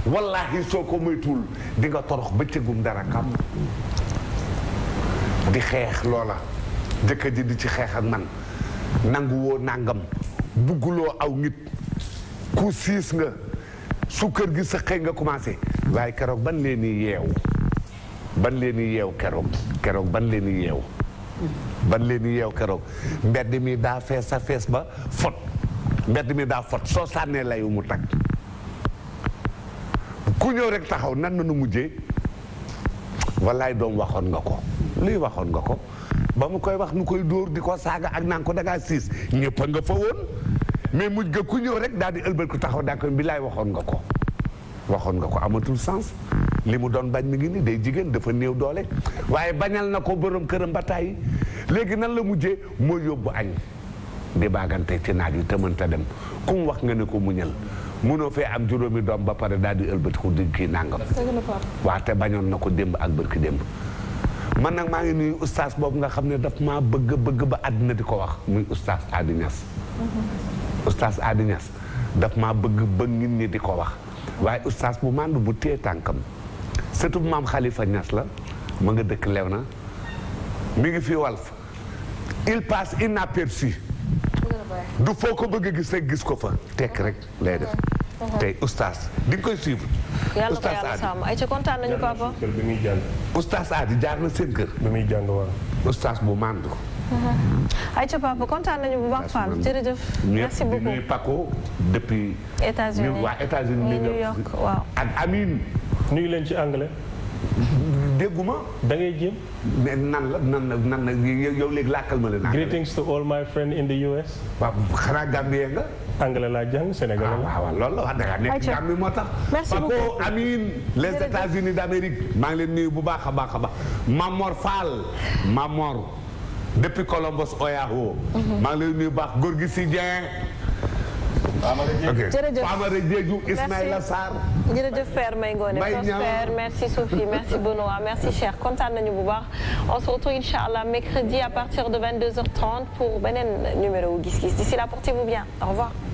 wallaahi soo ko moytuwul di nga torox bëccëgum dara kam di xeex loola jëkkër ji di ci xeex ak man nanguwoo nàngam bugguloo aw nit ku siis nga su kër gi sa xëy nga commencé waaye keroog ban leen di yeew ban leen di yeew keroog keroog ban leen di yeew ban leen di keroog mbedd mi daa fees sa fees ba fot mbedd mi daa fot soo sànnee layu mu takk ku ñëw rek taxaw nan nanu mujjee wallaay doom waxoon nga ko luy waxoon nga ko ba mu koy wax nu koy dóor di ko saaga ak naan ko dangaa siis ñëpp a nga fa woon mais mujj ku ñëw rek daal di ëlbal ku taxaw daa ko bilaay waxoon nga ko waxoon nga ko amatul sens li mu doon bañ mi ngi ni jigéen dafa néew doole waaye bañal na ko borom këram ba tàyyi léegi nan la mujjee moo yóbbu añ di baagante ci naaj te mënta dem ku wax nga ne ko muñal munoo fee am juróomi doom ba pare daal di ëlbatiku di kii nangam. waaw te bañoon na ko démb ak bërki démb. man nag maa ngi nuyu oustaz boobu nga xam ne daf maa bëgg bëgg ba àddina di ko wax muy oustaz Adi Niass oustaz mhm. Adi Niass daf maa bëgg ba nit ñi di ko wax waaye oustaz bu mànd bu téye tànkam surtout maam xalifa Niass la ma nga dëkk lew na mu ngi fi walf il passe inaperçu du foo ko bëgg a gis rek gis ko fa tekk rek lay def Uh-huh. tey oustaz di nga koy suivre. yàlla ko yàlla sàmm ay ca kontaan nañu papa. bi muy jaar na seen kër. bi muy jàng waaw. oustaz bu màndu. Uh-huh. ay ca papa kontaan nañu bu baax Fall jërëjëf. merci New York waaw. ak Amine. nuyu ci anglais. dégguma. da ngay nan la nan na nan la yow léegi làkkal ma la. greetings to all my friends in the US. xanaa Gambie nga. anglais laa jàng Sénégal ah, la. waaw waaw la wax dëgg nekk nga am moo tax. merci beaucoup amin les États-Unis d'Amérique maa ngi leen nuyu bu baax a baax a baax Mamor Fall Mamor depuis Columbus Ohio. Mhm. maa bu baax góor gi merci Sophie merci Benoît merci cher content de nous voir. on se retrouve Inch'Allah mercredi à partir de 22h30 pour Benen numéro wu d'ici là portez-vous bien au revoir.